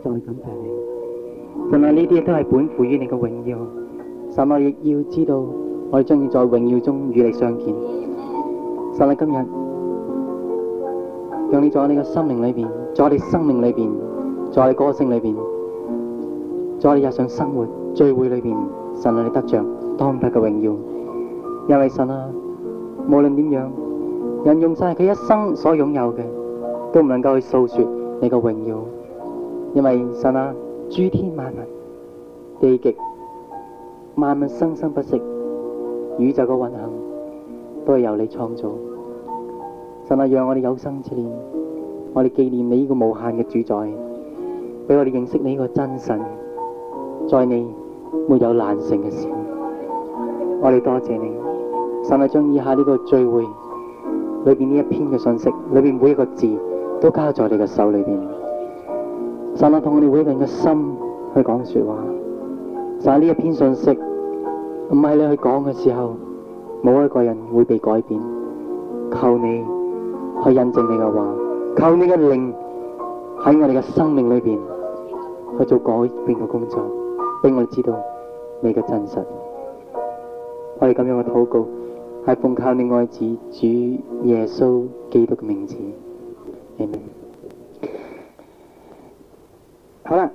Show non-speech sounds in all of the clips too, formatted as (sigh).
再感謝你，神啊！呢啲都係本乎於你嘅榮耀，神啊！亦要知道，我哋將要在榮耀中與你相見。神啊！今日，讓你在我哋嘅心靈裏邊，在我哋生命裏邊，在歌聲裏邊，在我哋日常生活聚會裏邊，神啊！你得着當得嘅榮耀，因為神啊！無論點樣，人用晒佢一生所擁有嘅，都唔能夠去訴說你嘅榮耀。因為神啊，諸天萬物，地極萬物生生不息，宇宙嘅運行都係由你創造。神啊，讓我哋有生之年，我哋紀念你呢個無限嘅主宰，俾我哋認識你呢個真神。在你沒有難成嘅事，我哋多謝你。神啊，將以下呢個聚會裏邊呢一篇嘅信息，裏邊每一個字都交在你嘅手裏邊。神啊，同我哋會眾嘅心去講說話，就喺呢一篇信息唔係你去講嘅時候，冇一個人會被改變。靠你去印證你嘅話，靠你嘅靈喺我哋嘅生命裏邊去做改變嘅工作，俾我知道你嘅真實。我哋咁樣嘅禱告係奉靠你愛子主耶穌基督嘅名字，阿門。好啦，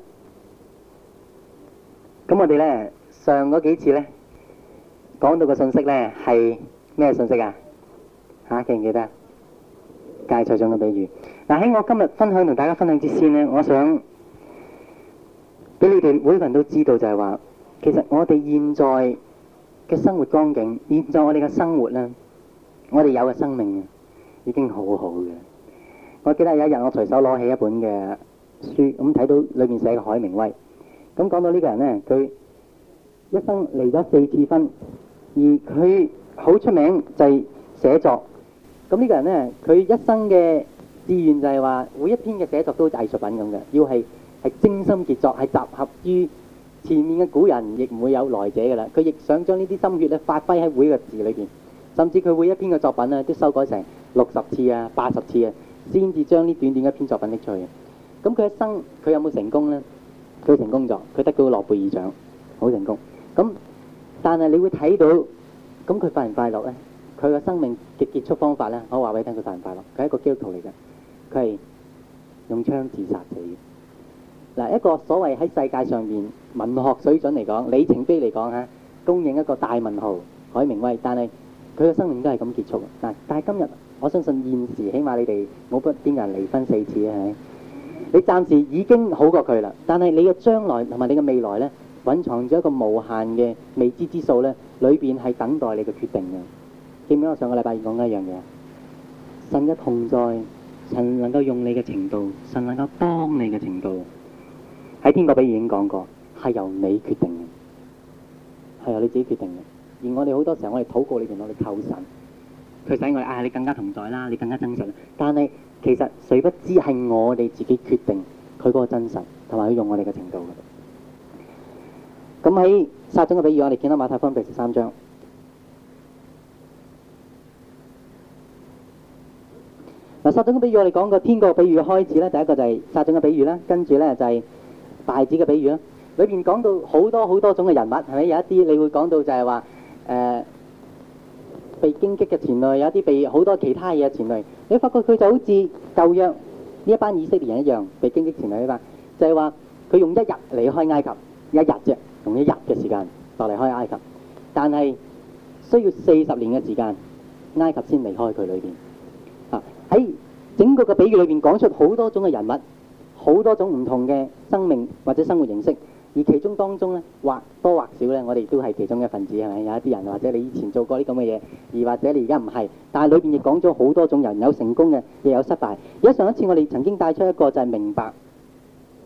咁我哋呢，上嗰幾次呢，講到嘅信息呢係咩信息啊？吓、啊，記唔記得？芥菜種嘅比喻。嗱、啊、喺我今日分享同大家分享之先呢，我想俾你哋每一個人都知道就係話，其實我哋現在嘅生活光景，現在我哋嘅生活呢，我哋有嘅生命已經好好嘅。我記得有一日我隨手攞起一本嘅書咁睇到裏面寫嘅海明威，咁講到呢個人呢，佢一生離咗四次婚，而佢好出名就係寫作。咁呢個人呢，佢一生嘅志願就係話，每一篇嘅寫作都藝術品咁嘅，要係係精心傑作，係集合於前面嘅古人，亦唔會有來者噶啦。佢亦想將呢啲心血咧發揮喺每一個字裏邊，甚至佢每一篇嘅作品呢，都修改成六十次啊、八十次啊，先至將呢短短一篇作品拎出去。咁佢一生佢有冇成功呢？佢成功咗，佢得咗個諾貝爾獎，好成功。咁但係你會睇到，咁佢快唔快樂呢？佢嘅生命嘅結束方法呢，我話俾你聽，佢快唔快樂？佢係一個基督徒嚟嘅，佢係用槍自殺死嘅。嗱，一個所謂喺世界上面文學水準嚟講，里程碑嚟講嚇，供應一個大文豪海明威，但係佢嘅生命都係咁結束。嗱，但係今日我相信現時起碼你哋冇不邊個人離婚四次啊？係咪？你暫時已經好過佢啦，但係你嘅將來同埋你嘅未來咧，隱藏咗一個無限嘅未知之數咧，裏邊係等待你嘅決定嘅。記唔記我上個禮拜講嘅一樣嘢？神嘅同在，神能夠用你嘅程度，神能夠幫你嘅程度，喺天國俾已經講過，係由你決定嘅，係由你自己決定嘅。而我哋好多時候，我哋禱告，我哋求神，佢使我啊你更加同在啦，你更加真實，但係。其實誰不知係我哋自己決定佢嗰個真實，同埋佢用我哋嘅程度。咁喺撒種嘅比喻，我哋見到馬太福音十三章。嗱，撒種嘅比喻，我哋講過天國比喻開始咧，第一個就係、是、撒種嘅比喻啦，跟住咧就係稗子嘅比喻啦。裏邊講到好多好多種嘅人物，係咪有一啲你會講到就係話誒？呃被攻擊嘅前來，有啲被好多其他嘢嘅前來。你發覺佢就好似舊約呢一班以色列人一樣，被攻擊前來呢班，就係話佢用一日離開埃及，一日啫，用一日嘅時間就離開埃及，但係需要四十年嘅時間，埃及先離開佢裏邊。喺整個嘅比喻裏邊，講出好多種嘅人物，好多種唔同嘅生命或者生活形式。而其中當中呢，或多或少呢，我哋都係其中一份子，係咪？有一啲人或者你以前做過啲咁嘅嘢，而或者你而家唔係，但係裏邊亦講咗好多種人，有成功嘅，亦有失敗。而家上一次我哋曾經帶出一個就係明白，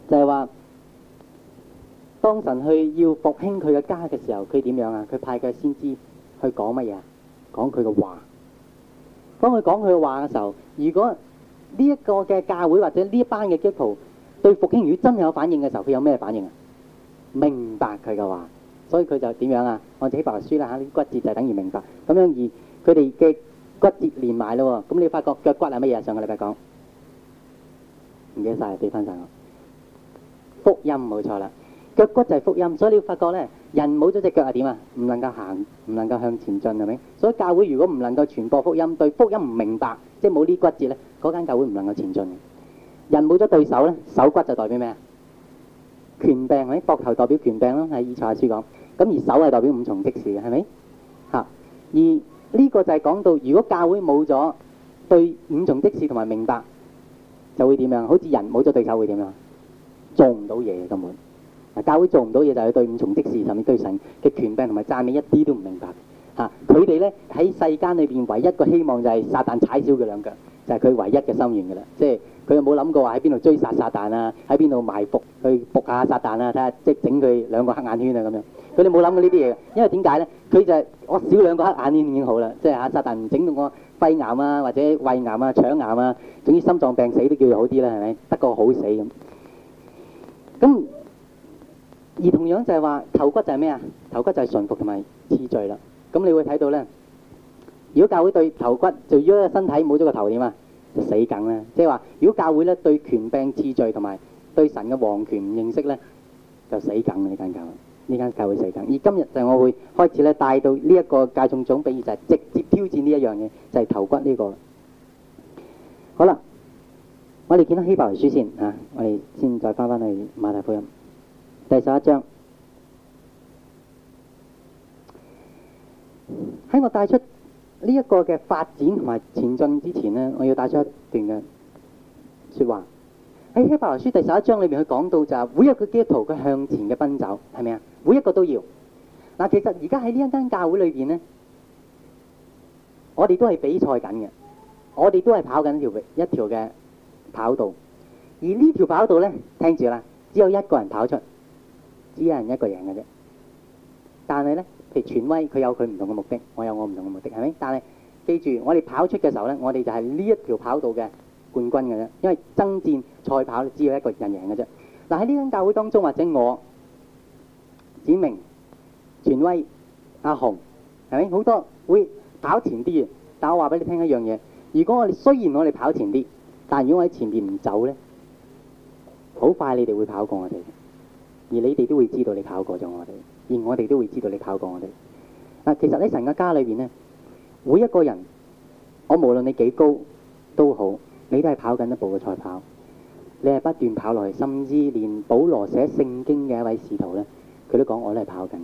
就係話當神去要復興佢嘅家嘅時候，佢點樣啊？佢派佢先知去講乜嘢？講佢嘅話。當佢講佢嘅話嘅時候，如果呢一個嘅教會或者呢一班嘅基督徒對復興如果真係有反應嘅時候，佢有咩反應啊？明白佢嘅話，所以佢就點樣啊？按照《啟發書》啦吓，啲骨節就等於明白咁樣。而佢哋嘅骨節連埋咯喎，咁你要發覺腳骨係乜嘢啊？上個禮拜講，唔記得晒，俾返晒我。福音冇錯啦，腳骨就係福音。所以你要發覺咧，人冇咗隻腳係點啊？唔能夠行，唔能夠向前進係咪？所以教會如果唔能夠傳播福音，對福音唔明白，即係冇呢啲骨節咧，嗰間教會唔能夠前進。人冇咗對手咧，手骨就代表咩啊？權柄或者膊頭代表權柄啦，係以賽亞書講。咁而手係代表五重職事嘅，係咪？嚇！而呢個就係講到，如果教會冇咗對五重職事同埋明白，就會點樣？好似人冇咗對手會點樣？做唔到嘢根本。嗱，教會做唔到嘢就係對五重職事同埋對神嘅權柄同埋讚美一啲都唔明白。嚇！佢哋咧喺世間裏邊唯一個希望就係撒但踩少佢兩腳，就係佢唯一嘅心願噶啦，即係。佢又冇諗過話喺邊度追殺撒旦啊？喺邊度埋伏去伏下撒旦啊？睇下即係整佢兩個黑眼圈啊咁樣。佢哋冇諗過呢啲嘢，因為點解咧？佢就係我少兩個黑眼圈已經好啦，即係撒旦唔整到我肺癌啊、或者胃癌啊、腸癌啊，總之心臟病死都叫做好啲啦，係咪？得個好死咁。咁而同樣就係話，頭骨就係咩啊？頭骨就係順服同埋次序啦。咁你會睇到咧，如果教會對頭骨，就如果個身體冇咗個頭點啊？死梗咧，即係話，如果教會咧對權柄次序同埋對神嘅王權唔認識咧，就死梗嘅呢間教，呢間教會死梗。而今日就我會開始咧帶到呢一個介種總比喻，就係直接挑戰呢一樣嘢，就係頭骨呢個。好啦，我哋見到希伯來書先啊，我哋先再返返去馬太福音第十一章，喺我帶出。呢一個嘅發展同埋前進之前呢，我要帶出一段嘅説話。喺《希伯來書》第十一章裏面，佢講到就係每一個基督徒佢向前嘅奔走，係咪啊？每一個都要。嗱，其實而家喺呢一間教會裏邊呢，我哋都係比賽緊嘅，我哋都係跑緊條一條嘅跑道。而呢條跑道呢，聽住啦，只有一個人跑出，只有人一個人嘅啫。但係呢。權威佢有佢唔同嘅目的，我有我唔同嘅目的，係咪？但係記住，我哋跑出嘅時候咧，我哋就係呢一條跑道嘅冠軍嘅啫。因為爭戰賽跑，只有一個人贏嘅啫。嗱，喺呢間教會當中，或者我、子明、權威、阿紅，係咪？好多會跑前啲嘅，但我話俾你聽一樣嘢：如果我哋雖然我哋跑前啲，但係如果我喺前邊唔走咧，好快你哋會跑過我哋，而你哋都會知道你跑過咗我哋。而我哋都會知道你跑過我哋嗱。其實喺神嘅家裏邊呢，每一個人，我無論你幾高都好，你都係跑緊一步嘅賽跑。你係不斷跑落去，甚至連保羅寫聖經嘅一位使徒呢，佢都講：我都係跑緊，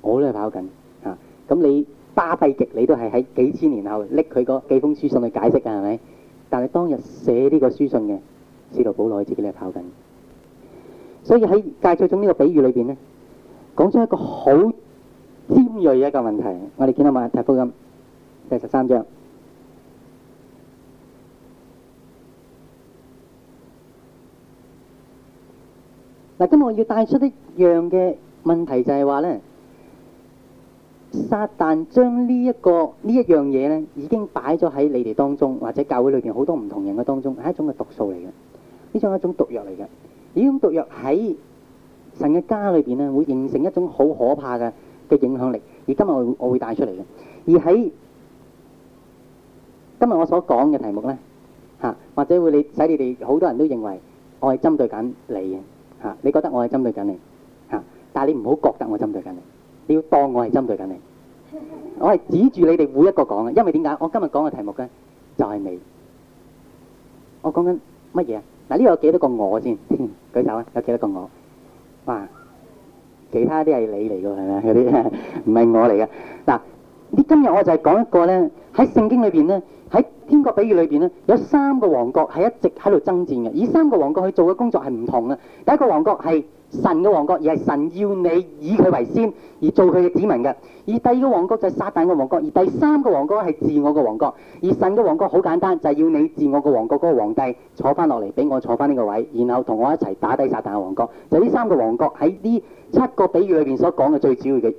我都係跑緊嚇。咁你巴閉極，你都係喺幾千年後拎佢嗰幾封書信去解釋㗎，係咪？但係當日寫呢個書信嘅使徒保羅，自己都係跑緊。所以喺芥菜種呢個比喻裏邊呢。講咗一個好尖銳嘅一個問題，我哋見到《馬太福音》第十三章。嗱，今日我要帶出一樣嘅問題，就係話咧，撒旦將呢一個呢一樣嘢咧，已經擺咗喺你哋當中，或者教會裏邊好多唔同人嘅當中，係一種嘅毒素嚟嘅，呢種係一種毒藥嚟嘅。呢種毒藥喺神嘅家裏邊咧，會形成一種好可怕嘅嘅影響力。而今日我我會帶出嚟嘅。而喺今日我所講嘅題目咧，嚇或者會你使你哋好多人都認為我係針對緊你嘅嚇。你覺得我係針對緊你嚇，但係你唔好覺得我針對緊你，你要當我係針對緊你。我係指住你哋每一個講嘅，因為點解？我今日講嘅題目咧，就係你。我講緊乜嘢啊？嗱，呢度有幾多個我先？舉手啊！有幾多個我？哇！其他啲係你嚟嘅係咪啊？啲唔係我嚟嘅。嗱，你今日我就係講一個咧，喺聖經裏邊咧，喺天國比喻裏邊咧，有三個王國係一直喺度爭戰嘅。以三個王國去做嘅工作係唔同嘅。第一個王國係。神嘅王國，而係神要你以佢為先，而做佢嘅子民嘅。而第二個王國就係撒旦嘅王國，而第三個王國係自我嘅王國。而神嘅王國好簡單，就係、是、要你自我嘅王國嗰個皇帝坐翻落嚟，俾我坐翻呢個位，然後同我一齊打低撒旦嘅王國。就呢、是、三個王國喺呢七個比喻裏邊所講嘅最主要嘅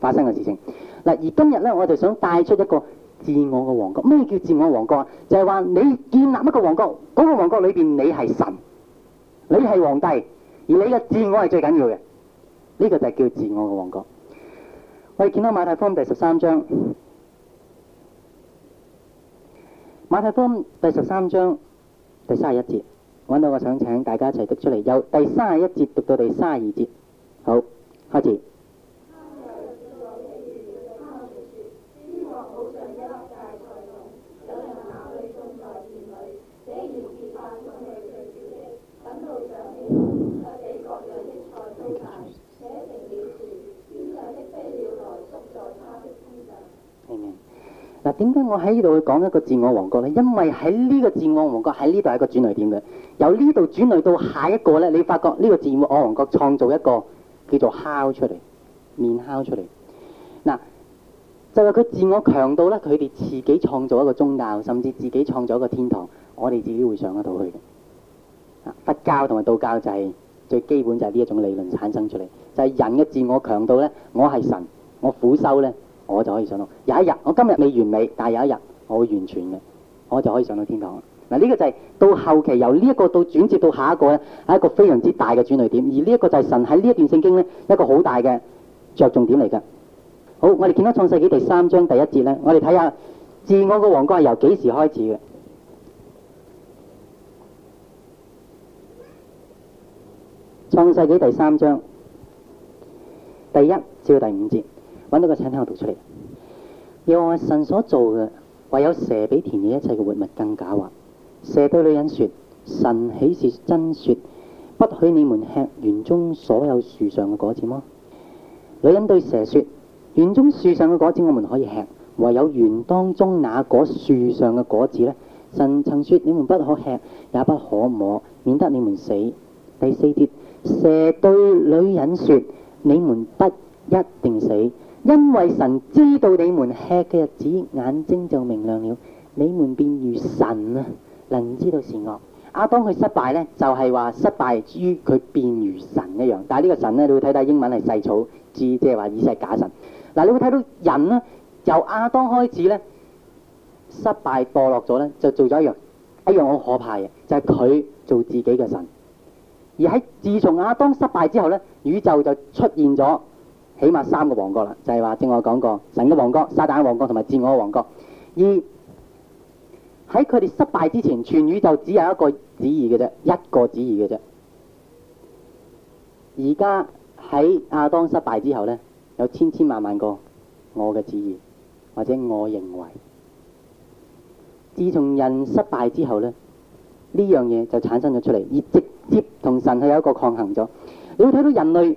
發生嘅事情。嗱，而今日呢，我就想帶出一個自我嘅王國。咩叫自我王國啊？就係、是、話你建立一個王國，嗰、那個王國裏邊你係神，你係皇帝。而你嘅自我係最緊要嘅，呢、這個就係叫自我嘅王國。我哋見到馬太福音第十三章，馬太福音第十三章第三十一節，揾到我想請大家一齊讀出嚟，由第三十一節讀到第三十二節，好，開始。嗱，點解我喺呢度去講一個自我王國呢？因為喺呢個自我王國喺呢度係一個轉捩點嘅，由呢度轉捩到下一個呢，你發覺呢個自我王國創造一個叫做烤出嚟，面烤出嚟。嗱，就係佢自我強度呢，佢哋自己創造一個宗教，甚至自己創造一個天堂，我哋自己會上得到去。佛教同埋道教就係最基本就係呢一種理論產生出嚟，就係人嘅自我強度呢，我係神，我苦修呢。我就可以上到有一日，我今日未完美，但係有一日我會完全嘅，我就可以上到天堂。嗱，呢個就係、是、到後期由呢一個到轉接，到下一個咧，係一個非常之大嘅轉捩點。而呢一個就係神喺呢一段聖經咧，一個好大嘅着重點嚟㗎。好，我哋見到《創世記》第三章第一節咧，我哋睇下，自我嘅王國係由幾時開始嘅？《創世記》第三章第一至到第五節。揾到個請聽，我讀出嚟。又話神所做嘅，唯有蛇比田野一切嘅活物更狡猾。蛇對女人說，神豈是真說不許你們吃園中所有樹上嘅果子麼？女人對蛇說，園中樹上嘅果子我們可以吃，唯有園當中那果樹上嘅果子呢？神曾說，你們不可吃，也不可摸，免得你們死。第四節，蛇對女人說，你們不一定死。因為神知道你們吃嘅日子，眼睛就明亮了，你們便如神啊，能知道善惡。亞當佢失敗呢，就係、是、話失敗於佢變如神一樣。但係呢個神呢，你會睇睇英文係細草，字即係話以世假神。嗱、啊，你會睇到人呢，由亞當開始呢，失敗墮落咗呢，就做咗一樣一樣好可怕嘅，就係、是、佢做自己嘅神。而喺自從亞當失敗之後呢，宇宙就出現咗。起碼三個王國啦，就係話正我講過，神嘅王國、撒旦嘅王國同埋自我嘅王國。而喺佢哋失敗之前，全宇宙只有一個旨意嘅啫，一個旨意嘅啫。而家喺亞當失敗之後呢，有千千萬萬個我嘅旨意，或者我認為，自從人失敗之後呢，呢樣嘢就產生咗出嚟，而直接同神係有一個抗衡咗。你會睇到人類。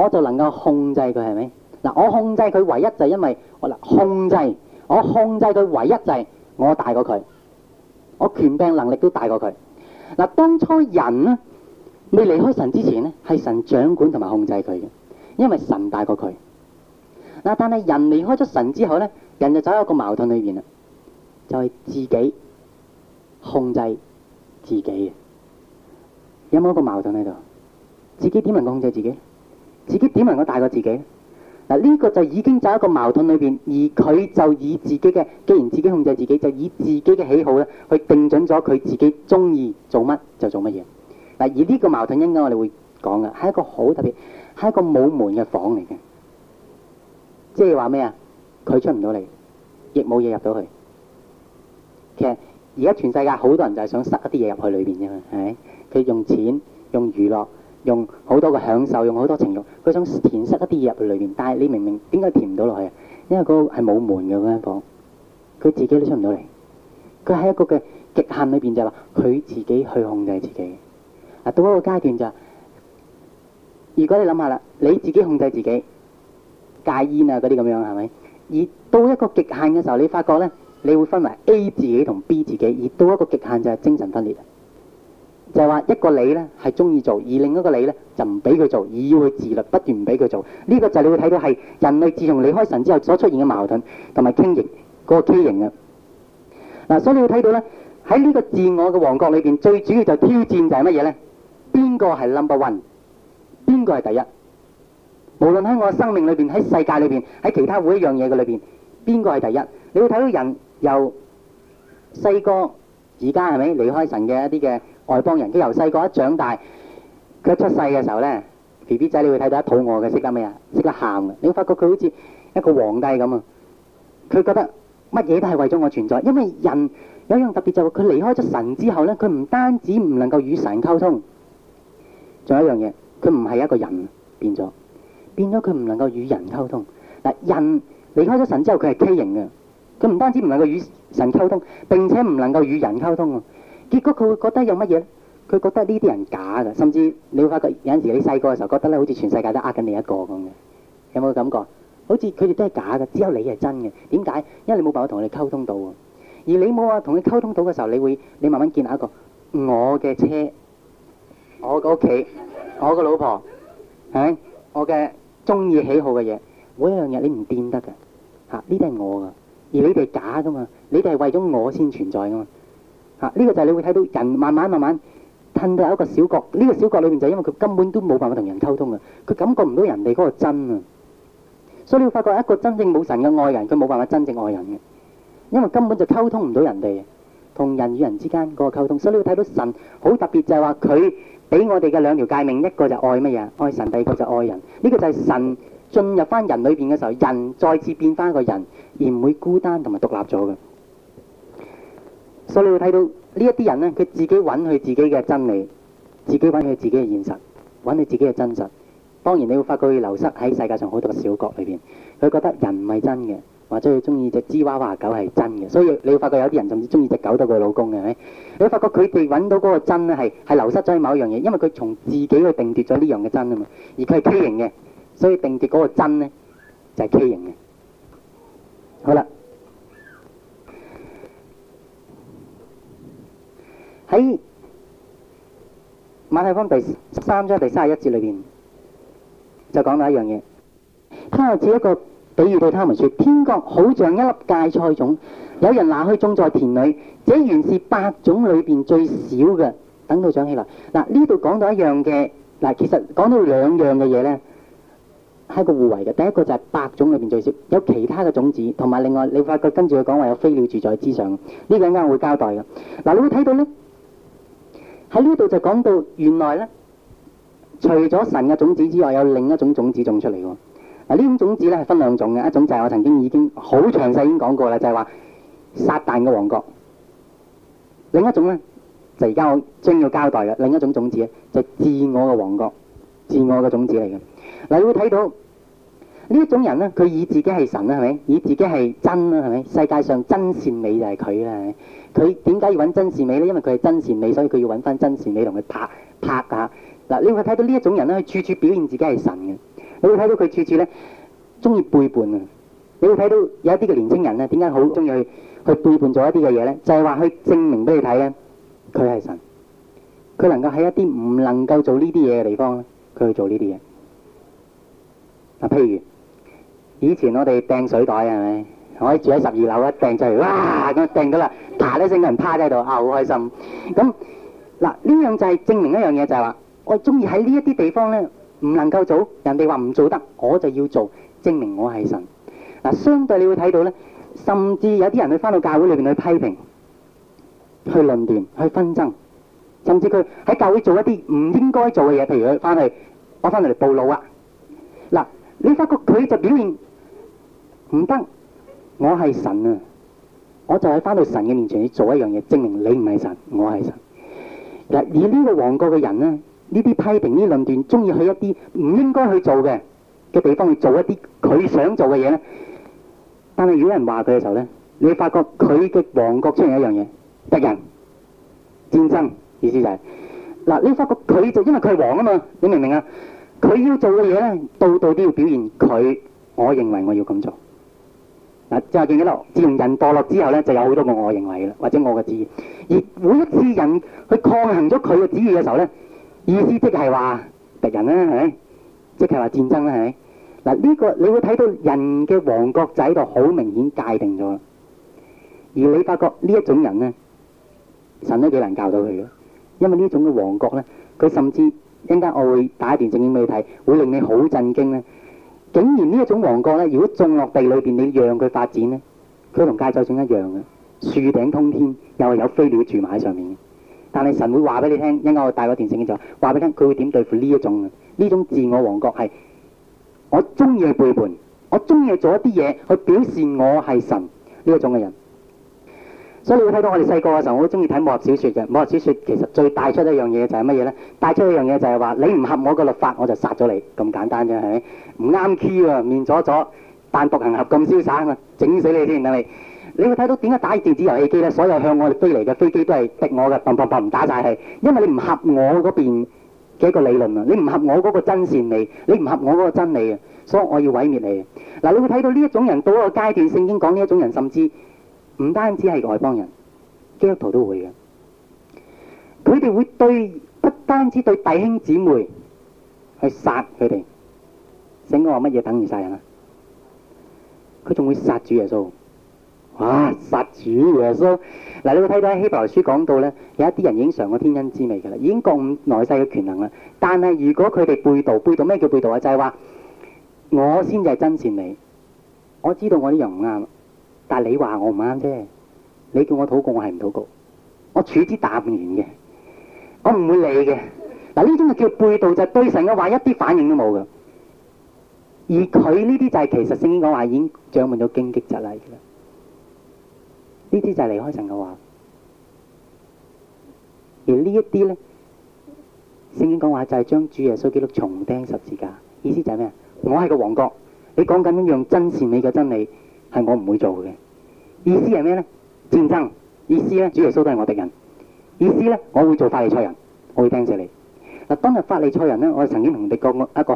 我就能夠控制佢，係咪嗱？我控制佢唯一就係因為我嗱，控制我控制佢唯一就係我大過佢，我權柄能力都大過佢嗱。當初人咧未離開神之前咧，係神掌管同埋控制佢嘅，因為神大過佢嗱。但係人離開咗神之後咧，人就走入個矛盾裏邊啦，就係、是、自己控制自己嘅，有冇一個矛盾喺度？自己點能控制自己？自己點能夠大過自己嗱，呢個就已經喺一個矛盾裏邊，而佢就以自己嘅，既然自己控制自己，就以自己嘅喜好咧，去定準咗佢自己中意做乜就做乜嘢。嗱，而呢個矛盾應該我哋會講噶，係一個好特別，係一個冇門嘅房嚟嘅，即係話咩啊？佢出唔到嚟，亦冇嘢入到去。其實而家全世界好多人就係想塞一啲嘢入去裏邊啫嘛，係咪？佢用錢，用娛樂。用好多嘅享受，用好多情慾，佢想填塞一啲嘢入去裏面。但係你明明點解填唔到落去啊？因為嗰個係冇門嘅嗰間房，佢自己都出唔到嚟。佢喺一個嘅極限裏邊就係話，佢自己去控制自己。到一個階段就係，如果你諗下啦，你自己控制自己戒煙啊嗰啲咁樣係咪？而到一個極限嘅時候，你發覺呢，你會分為 A 自己同 B 自己，而到一個極限就係精神分裂。就係話一個你呢係中意做，而另一個你呢就唔俾佢做，而要去自律，不斷唔俾佢做。呢、這個就係你會睇到係人類自從離開神之後所出現嘅矛盾同埋傾形嗰、那個畸形啊！嗱，所以你會睇到呢，喺呢個自我嘅王國裏邊，最主要就挑戰就係乜嘢呢？邊個係 number one？邊個係第一？無論喺我生命裏邊、喺世界裏邊、喺其他每一樣嘢嘅裏邊，邊個係第一？你會睇到人由細個而家係咪離開神嘅一啲嘅？外邦人，佢由細個一長大，佢一出世嘅時候呢，BB 仔你會睇到一肚餓嘅，識得咩啊？識得喊嘅，你會發覺佢好似一個皇帝咁啊！佢覺得乜嘢都係為咗我存在，因為人有一樣特別就係、是、佢離開咗神之後呢，佢唔單止唔能夠與神溝通，仲有一樣嘢，佢唔係一個人變咗，變咗佢唔能夠與人溝通嗱。人離開咗神之後，佢係畸形嘅，佢唔單止唔能夠與神溝通，並且唔能夠與人溝通。結果佢會覺得有乜嘢咧？佢覺得呢啲人假嘅，甚至你會發覺有陣時你細個嘅時候覺得咧，好似全世界都呃緊你一個咁嘅，有冇感覺？好似佢哋都係假嘅，只有你係真嘅。點解？因為你冇辦法同佢哋溝通到喎。而你冇話同佢溝通到嘅時候，你會你慢慢建立一個我嘅車、我嘅屋企、我嘅老婆，我嘅中意喜好嘅嘢，每一樣嘢你唔掂得嘅吓，呢啲係我㗎，而你哋係假㗎嘛，你哋係為咗我先存在㗎嘛。啊，呢個就係你會睇到人慢慢慢慢褪到一個小角，呢個小角裏面就因為佢根本都冇辦法同人溝通嘅，佢感覺唔到人哋嗰個真啊，所以你會發覺一個真正冇神嘅愛人，佢冇辦法真正愛人嘅，因為根本就溝通唔到人哋，同人與人之間嗰個溝通。所以你會睇到神好特別就係話佢俾我哋嘅兩條誡命，一個就愛乜嘢，愛神；第二個就愛人。呢個就係神進入翻人裏邊嘅時候，人再次變翻一個人，而唔會孤單同埋獨立咗嘅。所以你會睇到呢一啲人呢，佢自己揾佢自己嘅真理，自己揾佢自己嘅現實，揾佢自己嘅真實。當然你蛙蛙你，你會發覺佢流失喺世界上好多小角裏邊。佢覺得人唔係真嘅，或者佢中意隻吉娃娃狗係真嘅。所以你會發覺有啲人甚至中意隻狗都過佢老公嘅，係咪？你會發覺佢哋揾到嗰個真咧，係流失咗喺某樣嘢，因為佢從自己去定奪咗呢樣嘅真啊嘛。而佢係畸形嘅，所以定奪嗰個真呢，就係畸形嘅。好啦。喺馬太福音第三章第三十一節裏邊就講到一樣嘢，他指一個比喻對他們說：天國好像一粒芥菜種，有人拿去種在田裏，這原是百種裏邊最少嘅，等到長起來。嗱，呢度講到一樣嘅，嗱，其實講到兩樣嘅嘢咧，係個互為嘅。第一個就係百種裏邊最少，有其他嘅種子，同埋另外你發覺跟住佢講話有飛鳥住在之上，呢個啱會交代嘅。嗱，你會睇到咧。喺呢度就講到原來呢除咗神嘅種子之外，有另一種種子種出嚟喎。嗱，呢種種子呢，係分兩種嘅，一種就係我曾經已經好詳細已經講過啦，就係話撒但嘅王國；另一種呢，就而家我將要交代嘅另一種種子咧，就係自我嘅王國，自我嘅種子嚟嘅。嗱，你會睇到。呢一種人咧，佢以自己係神啦，係咪？以自己係真啦，係咪？世界上真善美就係佢啦，係。佢點解要揾真善美呢？因為佢係真善美，所以佢要揾翻真善美同佢拍拍下嗱。你會睇到呢一種人咧，處處表現自己係神嘅。你會睇到佢處處咧，中意背叛嘅。你會睇到有一啲嘅年輕人咧，點解好中意去去背叛咗一啲嘅嘢咧？就係話去證明俾你睇咧，佢係神，佢能夠喺一啲唔能夠做呢啲嘢嘅地方，佢去做呢啲嘢。嗱，譬如。以前我哋掟水袋，係咪？我哋住喺十二樓咧，掟出嚟，哇咁掟噶啦，爬都成個人趴喺度啊，好開心。咁嗱，呢樣就係證明一樣嘢，就係話我中意喺呢一啲地方咧，唔能夠做，人哋話唔做得，我就要做，證明我係神。嗱，相對你會睇到咧，甚至有啲人去翻到教會裏邊去批評、去論斷、去紛爭，甚至佢喺教會做一啲唔應該做嘅嘢，譬如佢翻去我翻嚟暴怒啊。嗱，你發覺佢就表現。唔得，我係神啊！我就係翻到神嘅面前去做一樣嘢，證明你唔係神，我係神。嗱，而呢個王國嘅人呢，呢啲批評、呢啲論斷，中意去一啲唔應該去做嘅嘅地方去做一啲佢想做嘅嘢咧。但係，如果人話佢嘅時候呢，你會發覺佢嘅王國出現一樣嘢，敵人、戰爭，意思就係嗱，你發覺佢就因為佢係王啊嘛，你明唔明啊？佢要做嘅嘢呢，到到都要表現佢。我認為我要咁做。嗱，就係見到自然人墮落之後咧，就有好多個我認為啦，或者我嘅旨意。而每一次人去抗衡咗佢嘅旨意嘅時候咧，意思即係話敵人咧，係咪？即係話戰爭咧，係咪？嗱，呢個你會睇到人嘅王國喺度好明顯界定咗。而你發覺呢一種人咧，神都幾難教到佢嘅，因為呢種嘅王國咧，佢甚至一陣間我會打一段證言俾你睇，會令你好震驚咧。竟然呢一種王國咧，如果種落地裏邊，你讓佢發展呢，佢同芥菜種一樣嘅，樹頂通天，又係有飛鳥住埋喺上面嘅。但係神會話俾你聽，因為我帶個電線嘅時候話俾你聽，佢會點對付呢一種嘅？呢種自我王國係我中意去背叛，我中意做一啲嘢去表示我係神呢一種嘅人。所以你會睇到我哋細個嘅時候，我好中意睇武俠小説嘅。武俠小説其實最帶出一樣嘢就係乜嘢呢？帶出一樣嘢就係話你唔合我個律法，我就殺咗你，咁簡單啫，係咪？唔啱 key 喎，面阻阻，但獨行俠咁瀟灑啊，整死你先，等你。你會睇到點解打電子遊戲機呢？所有向我哋飛嚟嘅飛機都係敵我嘅，砰砰砰，唔打晒氣，因為你唔合我嗰邊嘅一個理論啊！你唔合我嗰個真善美，你唔合我嗰個真理啊，所以我要毀滅你。嗱，你會睇到呢一種人到一個階段，聖經講呢一種人，甚至。唔單止係外邦人，基督徒都會嘅。佢哋會對，不單止對弟兄姊妹去殺佢哋。聖經話乜嘢等於殺人啊？佢仲會殺主耶穌。哇！殺主耶穌。嗱，你會睇到喺希伯來書講到咧，有一啲人已經嘗過天恩滋味嘅啦，已經覺悟來世嘅權能啦。但係如果佢哋背道，背道咩叫背道啊？就係話我先至係真善美，我知道我呢樣唔啱。但係你話我唔啱啫，你叫我禱告，我係唔禱告，我處之淡然嘅，我唔會理嘅。嗱，呢種就叫背道，就對神嘅話一啲反應都冇㗎。而佢呢啲就係其實聖經講話已經長滿咗荊棘出嚟嘅啦。呢啲就係離開神嘅話。而呢一啲咧，聖經講話就係將主耶穌基督重釘十字架，意思就係咩啊？我係個王國，你講緊一樣真善美嘅真理。係我唔會做嘅，意思係咩呢？戰爭，意思呢？主耶穌都係我敵人。意思呢？我會做法利賽人，我會釘死你。嗱，當日法利賽人呢，我曾經同敵國講一個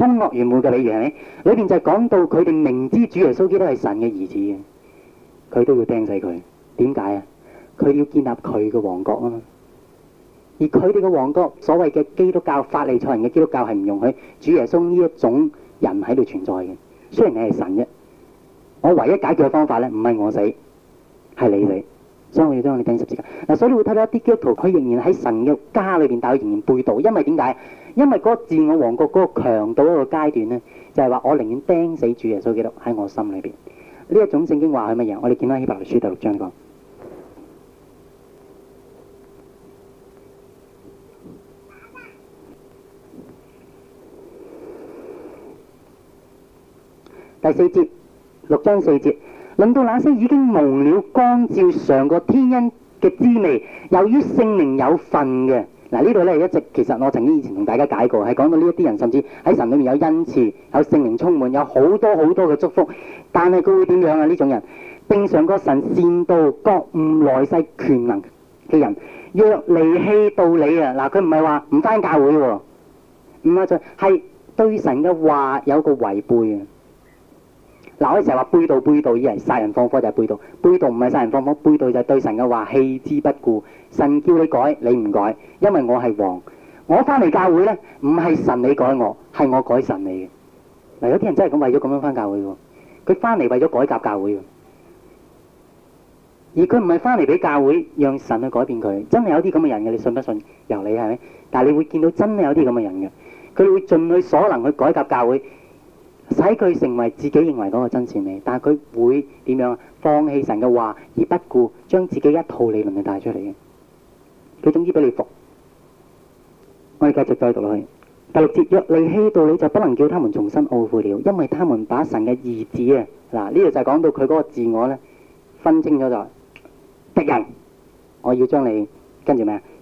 兇惡愚昧嘅比喻，係咪？裏面就係講到佢哋明知主耶穌基督係神嘅兒子嘅，佢都會釘死佢。點解啊？佢要建立佢嘅王國啊嘛。而佢哋嘅王國，所謂嘅基督教法利賽人嘅基督教係唔容許主耶穌呢一種人喺度存在嘅。雖然你係神嘅。我唯一解決嘅方法咧，唔係我死，係你死，所以我要將你釘十字架。嗱，所以會睇到一啲基督徒，佢仍然喺神嘅家裏邊，但係仍然背道，因為點解？因為嗰個自我王國嗰個強度嗰個階段咧，就係話我寧願釘死主耶穌基督喺我心裏邊。呢一種聖經話係乜嘢？我哋見翻希伯來書第六章講，第四節。六章四節，論到那些已經蒙了光照、上過天恩嘅滋味，由於聖靈有份嘅，嗱，呢度呢一直其實我曾經以前同大家解過，係講到呢一啲人，甚至喺神裏面有恩慈、有聖靈充滿、有好多好多嘅祝福，但係佢會點樣啊？呢種人並上過神善道、覺悟來世權能嘅人，若離棄道理啊，嗱，佢唔係話唔返教會喎，唔係，就係對神嘅話有個違背啊。嗱，我成日話背道，背道以為殺人放火，就係背道。背道唔係殺人放火，背道就係對神嘅話棄之不顧。神叫你改，你唔改，因為我係王。我翻嚟教會呢，唔係神你改我，係我改神你嘅。嗱，有啲人真係咁為咗咁樣翻教會喎，佢翻嚟為咗改革教會，而佢唔係翻嚟俾教會讓神去改變佢。真係有啲咁嘅人嘅，你信不信？由你係咪？但係你會見到真係有啲咁嘅人嘅，佢會盡佢所能去改革教會。使佢成為自己認為嗰個真善美，但係佢會點樣放棄神嘅話而不顧，將自己一套理論嚟帶出嚟嘅？佢總之俾你服。我哋繼續再讀落去第六節，若離棄道，你就不能叫他們重新懊悔了，因為他們把神嘅兒子啊，嗱，呢度就係講到佢嗰個自我咧，分清咗就敵人，我要將你跟住咩啊？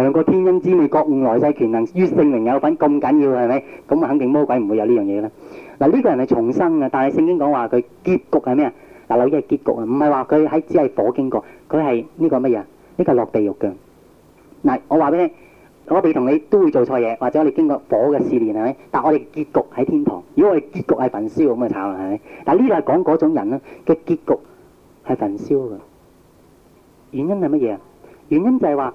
上個天恩之味，覺悟來世權能於聖靈有份，咁緊要係咪？咁啊，肯定魔鬼唔會有呢樣嘢啦。嗱，呢個人係重生嘅，但係聖經講話佢結局係咩啊？嗱，留意係結局啊，唔係話佢喺只係火經過，佢係呢個乜嘢？呢個落地獄嘅嗱。我話俾你，我哋同你都會做錯嘢，或者我哋經過火嘅試煉係咪？但係我哋結局喺天堂。如果我哋結局係焚燒咁啊，慘係咪？但係呢個係講嗰種人啦，嘅結局係焚燒嘅。原因係乜嘢啊？原因就係話。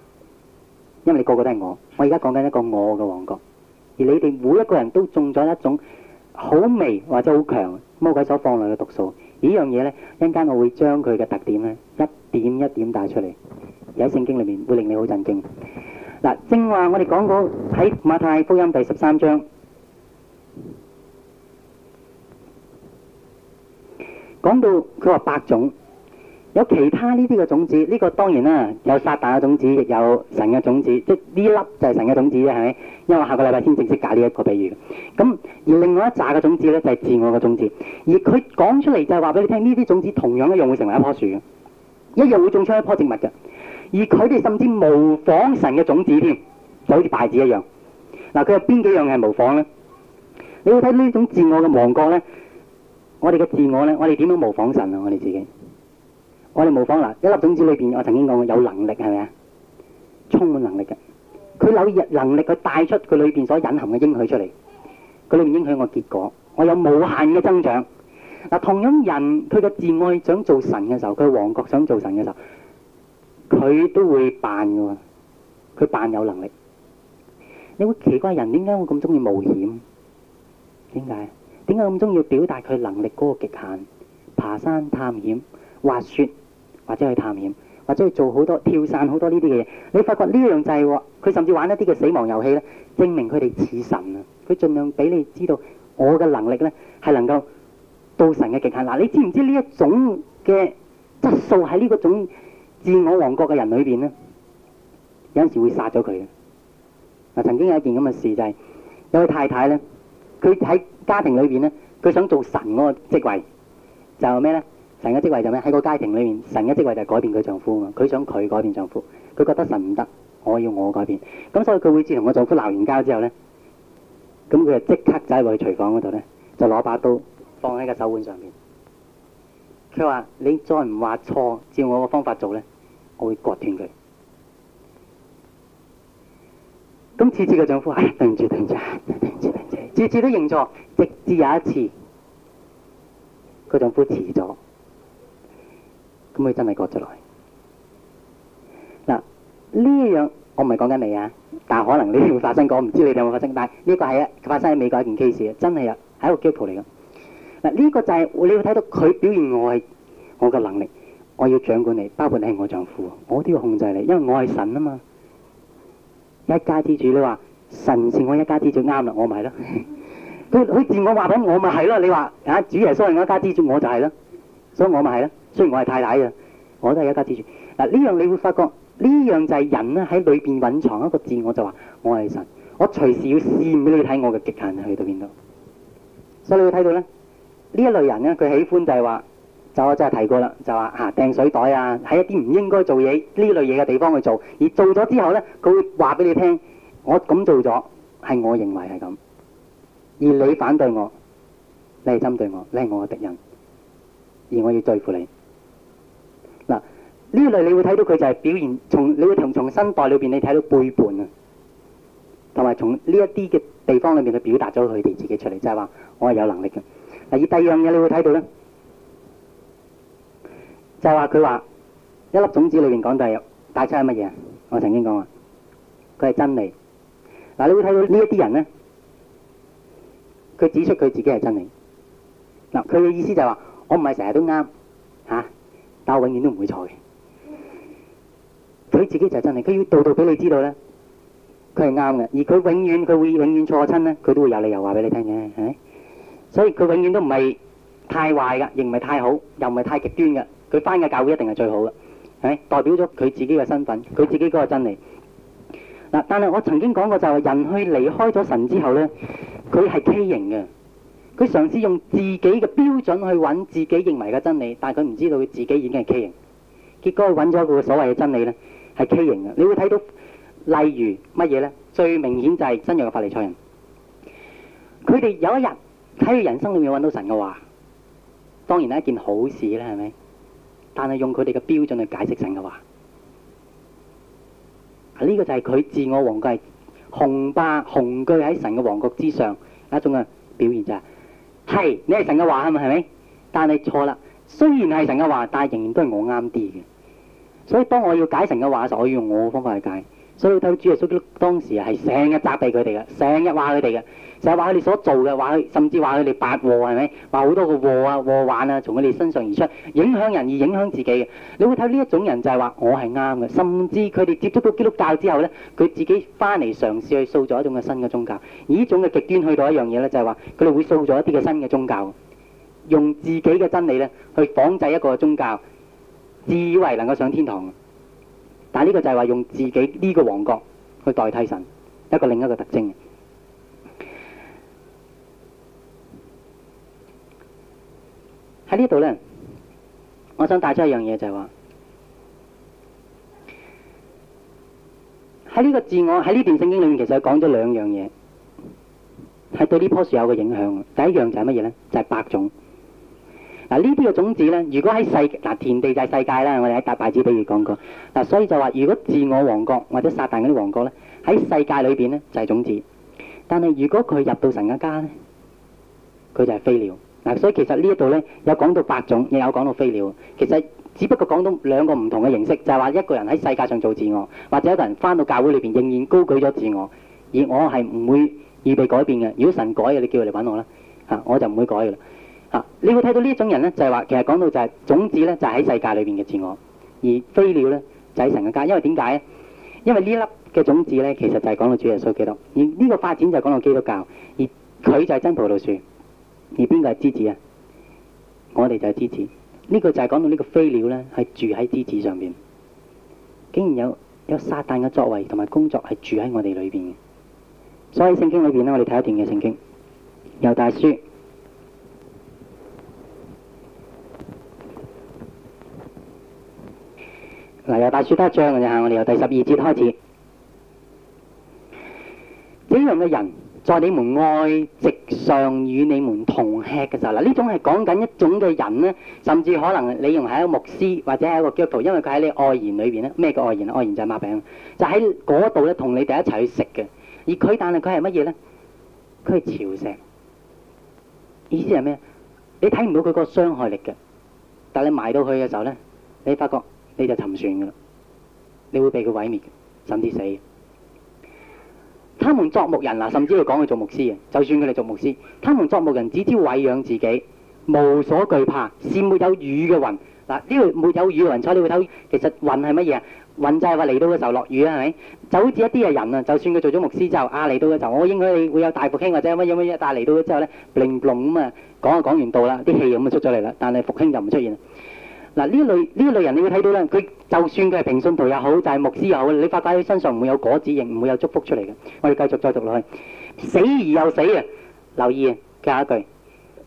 因為你個個都係我，我而家講緊一個我嘅王國，而你哋每一個人都中咗一種好微或者好強魔鬼所放落嘅毒素，呢樣嘢呢，一陣間我會將佢嘅特點呢一點一點帶出嚟，而喺聖經裏面會令你好震驚。嗱，正話我哋講過喺馬太福音第十三章講到佢話百種。有其他呢啲嘅種子，呢、這個當然啦，有撒但嘅種子，亦有神嘅種子，即呢粒就係神嘅種子嘅，係咪？因為下個禮拜先正式搞呢一個比喻。咁而另外一紮嘅種子呢，就係、是、自我嘅種子，而佢講出嚟就係話俾你聽，呢啲種子同樣一樣會成為一棵樹嘅，一樣會種出一棵植物嘅，而佢哋甚至模仿神嘅種子添，就好似拜子一樣。嗱，佢有邊幾樣係模仿呢？你要睇呢種自我嘅王國呢。我哋嘅自我呢，我哋點樣模仿神啊？我哋自己。我哋模仿嗱，一粒種子裏邊，我曾經講過，有能力係咪啊？充滿能力嘅，佢有能力佢帶出佢裏邊所隱含嘅應許出嚟，佢令影響我結果，我有無限嘅增長。嗱，同樣人佢嘅自愛想做神嘅時候，佢嘅王國想做神嘅時候，佢都會扮嘅喎，佢扮有能力。你會奇怪人點解會咁中意冒險？點解？點解咁中意表達佢能力嗰個極限？爬山探險、滑雪。或者去探險，或者去做好多跳傘好多呢啲嘅嘢。你發覺呢樣就係、是、佢甚至玩一啲嘅死亡遊戲咧，證明佢哋似神啊！佢盡量俾你知道我嘅能力咧，係能夠到神嘅極限。嗱，你知唔知呢一種嘅質素喺呢個種自我王國嘅人裏邊呢，有陣時會殺咗佢嘅嗱。曾經有一件咁嘅事就係、是、有位太太咧，佢喺家庭裏邊咧，佢想做神嗰個職位，就咩咧？神嘅職位就咩？喺個家庭裏面，神嘅職位就係改變佢丈夫嘛！佢想佢改變丈夫，佢覺得神唔得，我要我改變。咁所以佢會自同我丈夫鬧完交之後咧，咁佢就即刻走入去廚房嗰度咧，就攞把刀放喺個手腕上面。佢話：你再唔話錯，照我個方法做咧，我會割斷佢。咁次次個丈夫定住定住，定住，次次都認錯，直至有一次，個丈夫遲咗。可唔可以真係過出來？嗱，呢樣我唔係講緊你啊，但係可能你會發生過，我唔知你哋有冇發生，但係呢個係一發生喺美國一件 case 啊，真係啊，係一個截圖嚟嘅。嗱，呢個就係你會睇到佢表現我係我嘅能力，我要掌管你，包括你係我丈夫，我都要控制你，因為我係神啊嘛，一家之主。你話神是我一家之主，啱啦，我咪係咯。佢佢自我話畀，我咪係咯。你話啊，主耶穌係一家之主，我就係啦，所以我咪係啦。雖然我係太太啊，我都係一家之主。嗱，呢樣你會發覺，呢樣就係人咧喺裏邊隱藏一個自我，就話我係神，我隨時要試驗俾你睇我嘅極限去到邊度。所以你會睇到呢，呢一類人呢，佢喜歡就係話，就我真係提過啦，就話啊掟水袋啊，喺一啲唔應該做嘢呢類嘢嘅地方去做，而做咗之後呢，佢會話俾你聽，我咁做咗係我認為係咁，而你反對我，你係針對我，你係我嘅敵人，而我要對付你。嗱，呢類你會睇到佢就係表現，從你會從從新代裏邊你睇到背叛啊，同埋從呢一啲嘅地方裏面去表達咗佢哋自己出嚟，就係話我係有能力嘅。嗱，而第二樣嘢你會睇到咧，就係話佢話一粒種子裏邊講就係帶出係乜嘢？我曾經講話，佢係真理。嗱，你會睇到呢一啲人咧，佢指出佢自己係真理。嗱，佢嘅意思就係話我唔係成日都啱吓。啊永遠都唔會錯嘅，佢自己就係真理，佢要度度俾你知道呢，佢係啱嘅。而佢永遠佢會永遠錯親呢，佢都會有理由話俾你聽嘅，係咪？所以佢永遠都唔係太壞㗎，亦唔係太好，又唔係太極端嘅。佢翻嘅教會一定係最好嘅，係咪？代表咗佢自己嘅身份，佢自己嗰個真理。嗱，但係我曾經講過就係、是、人去離開咗神之後呢，佢係畸形嘅。佢嘗試用自己嘅標準去揾自己認為嘅真理，但係佢唔知道佢自己已經係畸形，結果揾咗一個所謂嘅真理呢係畸形嘅。你會睇到例如乜嘢呢？最明顯就係真樣嘅法利賽人。佢哋有一日喺佢人生裏面揾到神嘅話，當然係一件好事咧，係咪？但係用佢哋嘅標準去解釋神嘅話，呢、這個就係佢自我王國、雄霸雄踞喺神嘅王國之上一種嘅表現就係、是。係，你係神嘅話係咪？係咪？但係你錯啦。雖然係神嘅話，但係仍然都係我啱啲嘅。所以當我要解神嘅話時，所以我要用我嘅方法去解。所以睇主耶穌，所以當時係成日責備佢哋嘅，成日話佢哋嘅。就係話佢哋所做嘅話，甚至話佢哋八禍係咪？話好多個禍啊、禍患啊，從佢哋身上而出，影響人而影響自己嘅。你會睇呢一種人就係話我係啱嘅，甚至佢哋接觸到基督教之後呢，佢自己翻嚟嘗試去塑造一種嘅新嘅宗教。而呢種嘅極端去到一樣嘢呢，就係話佢哋會塑造一啲嘅新嘅宗教，用自己嘅真理呢去仿製一個宗教，自以為能夠上天堂。但係呢個就係話用自己呢個王國去代替神，一個另一個特徵。喺呢度呢，我想帶出一樣嘢就係話，喺呢個自我喺呢段聖經裏面其實講咗兩樣嘢，係對呢棵樹有個影響。第一樣就係乜嘢呢？就係、是、百種嗱，呢啲嘅種子呢，如果喺世嗱田地就係世界啦，我哋喺大例子比如講過嗱，所以就話如果自我王國或者撒旦嗰啲王國呢，喺世界裏邊呢，就係、是、種子，但係如果佢入到神嘅家呢，佢就係飛鳥。嗱、啊，所以其實呢一度咧有講到百種，又有講到飛鳥。其實只不過講到兩個唔同嘅形式，就係、是、話一個人喺世界上做自我，或者一個人翻到教會裏邊仍然高舉咗自我，而我係唔會預備改變嘅。如果神改嘅，你叫佢嚟揾我啦，嚇、啊、我就唔會改嘅啦。嚇、啊，你會睇到呢一種人咧，就係、是、話其實講到就係、是、種子咧，就喺、是、世界裏邊嘅自我，而飛鳥咧就喺、是、神嘅家。因為點解？因為呢粒嘅種子咧，其實就係講到主耶穌基督，而呢個發展就係講到基督教，而佢就係真葡萄樹。而邊個係枝子啊？我哋就係枝子，呢個就係講到呢個飛鳥呢，係住喺枝子上面，竟然有有撒旦嘅作為同埋工作係住喺我哋裏邊嘅。所以聖經裏邊呢，我哋睇一段嘅聖經，猶大書，嗱猶大書第一章嘅吓，我哋由第十二節開始，呢樣嘅人。在你們愛席上與你們同吃嘅時候，嗱呢種係講緊一種嘅人咧，甚至可能你用係一個牧師或者係一個基督徒，因為佢喺你愛筵裏邊咧，咩叫愛筵？愛筵就係擘餅，就喺嗰度咧同你哋一齊去食嘅。而佢但係佢係乜嘢咧？佢係礁石。意思係咩？你睇唔到佢個傷害力嘅，但係你埋到去嘅時候咧，你發覺你就沉船㗎啦，你會被佢毀滅，甚至死。他們作牧人啊，甚至佢講佢做牧師嘅，就算佢哋做牧師，他們作牧人只知餵養自己，無所懼怕，係沒有雨嘅雲。嗱，呢度沒有雨嘅雲彩，所以你會睇，其實雲係乜嘢啊？雲就係話嚟到嘅時候落雨啊，係咪？就好似一啲嘅人啊，就算佢做咗牧師之後啊，嚟到嘅時候我應該會有大復興或者乜嘢乜嘢，但係嚟到之後咧，bling bling 咁啊講啊，講完道啦，啲氣咁就出咗嚟啦，但係復興就唔出現。嗱，呢類呢類人你要睇到咧，佢就算佢係平信徒又好，就係牧師又好，你發覺佢身上唔會有果子，亦唔會有祝福出嚟嘅。我哋繼續再讀落去，死而又死啊！留意啊，下一句，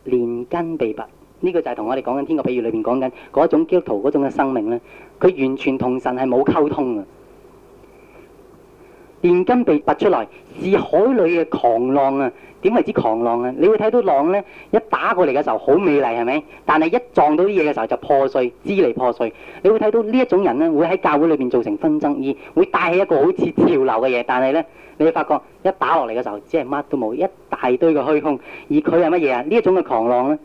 連根被拔。呢個就係同我哋講緊天國比喻裏邊講緊嗰種基督徒嗰種嘅生命咧，佢完全同神係冇溝通嘅。連根被拔出來，是海裡嘅狂浪啊！點為之狂浪啊？你會睇到浪呢，一打過嚟嘅時候好美麗係咪？但係一撞到啲嘢嘅時候就破碎，支離破碎。你會睇到呢一種人呢，會喺教會裏面造成紛爭，而會帶起一個好似潮流嘅嘢。但係呢，你會發覺一打落嚟嘅時候，只係乜都冇，一大堆嘅虛空。而佢係乜嘢啊？呢一種嘅狂浪呢？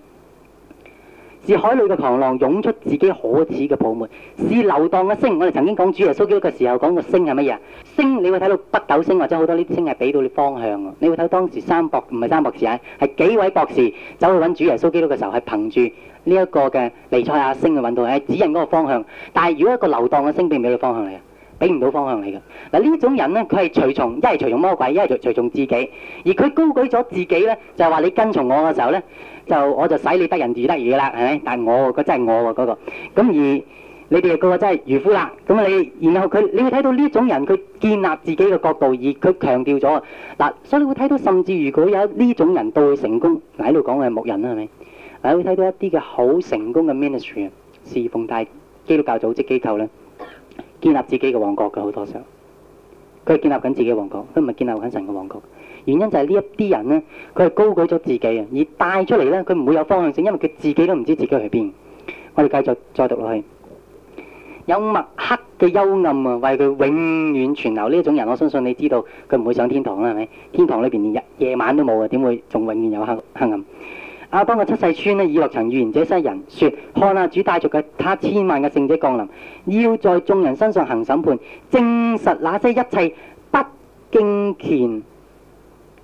是海裡嘅狂浪湧出自己可恥嘅泡沫，是流蕩嘅星。我哋曾經講主耶穌基督嘅時候講個星係乜嘢？星你會睇到北斗星或者好多呢啲星係俾到你方向。你會睇到當時三博唔係三博士啊，係幾位博士走去揾主耶穌基督嘅時候，係憑住呢一個嘅彌賽亞星去揾到，係指引嗰個方向。但係如果一個流蕩嘅星俾唔俾你方向嚟？俾唔到方向嚟嘅嗱呢種人呢，佢係隨從一係隨從魔鬼，一係隨隨從自己。而佢高舉咗自己呢，就係話你跟從我嘅時候呢。就我就使你得人如得魚啦，係咪？但係我嗰、嗰個、真係我喎嗰、嗰個，咁而你哋嗰個真係漁夫啦。咁你然後佢，你會睇到呢種人，佢建立自己嘅國度，而佢強調咗嗱。所以你會睇到，甚至如果有呢種人都會成功，嗱喺度講嘅牧人啦，係咪？嗱，會睇到一啲嘅好成功嘅 ministry，侍奉大基督教組織機構咧，建立自己嘅王國嘅好多時候，佢係建立緊自己嘅王國，佢唔係建立緊神嘅王國。原因就係呢一啲人呢，佢係高舉咗自己啊，而帶出嚟呢，佢唔會有方向性，因為佢自己都唔知自己去邊。我哋繼續再讀落去，有墨黑嘅幽暗啊，為佢永遠存留呢一種人，我相信你知道佢唔會上天堂啦，係咪天堂？裏邊連夜晚都冇啊，點會仲永遠有黑黑暗？阿、啊、當嘅七世孫呢，以諾曾預言這些人說看啊，主帶著佢，他千萬嘅聖者降臨，要在眾人身上行審判，證實那些一切不敬虔。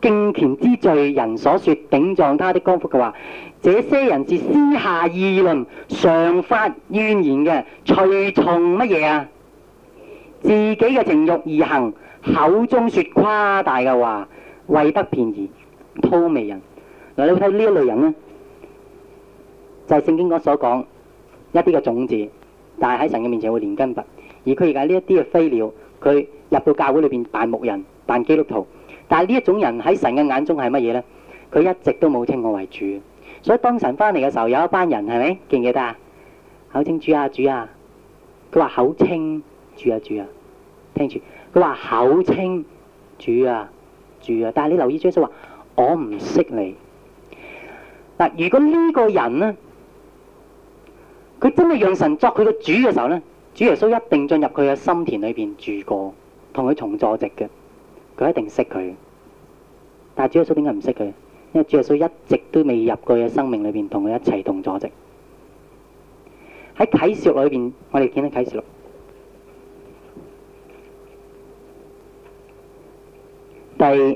敬虔之罪人所說頂撞他的剛愎嘅話，這些人是私下議論、常發怨言嘅，隨從乜嘢啊？自己嘅情欲而行，口中說誇大嘅話，為得便宜，諂媚人。嗱，你會睇呢一類人咧，就係、是、聖經嗰所講一啲嘅種子，但係喺神嘅面前會連根拔，而佢而家呢一啲嘅飛鳥，佢入到教會裏邊扮牧人、扮基督徒。但係呢一種人喺神嘅眼中係乜嘢呢？佢一直都冇稱我為主，所以當神翻嚟嘅時候，有一班人係咪記唔記得啊？口稱主啊，主啊，佢話口稱主啊，主啊，聽住。佢話口稱主啊，主啊，但係你留意耶穌話：我唔識你。嗱，如果呢個人呢，佢真係讓神作佢嘅主嘅時候呢，主耶穌一定進入佢嘅心田裏邊住過，同佢重坐席嘅。佢一定識佢，但係主耶穌點解唔識佢？因為主耶穌一直都未入過佢嘅生命裏邊同佢一齊同坐席。喺啟示錄裏邊，我哋見到啟示錄，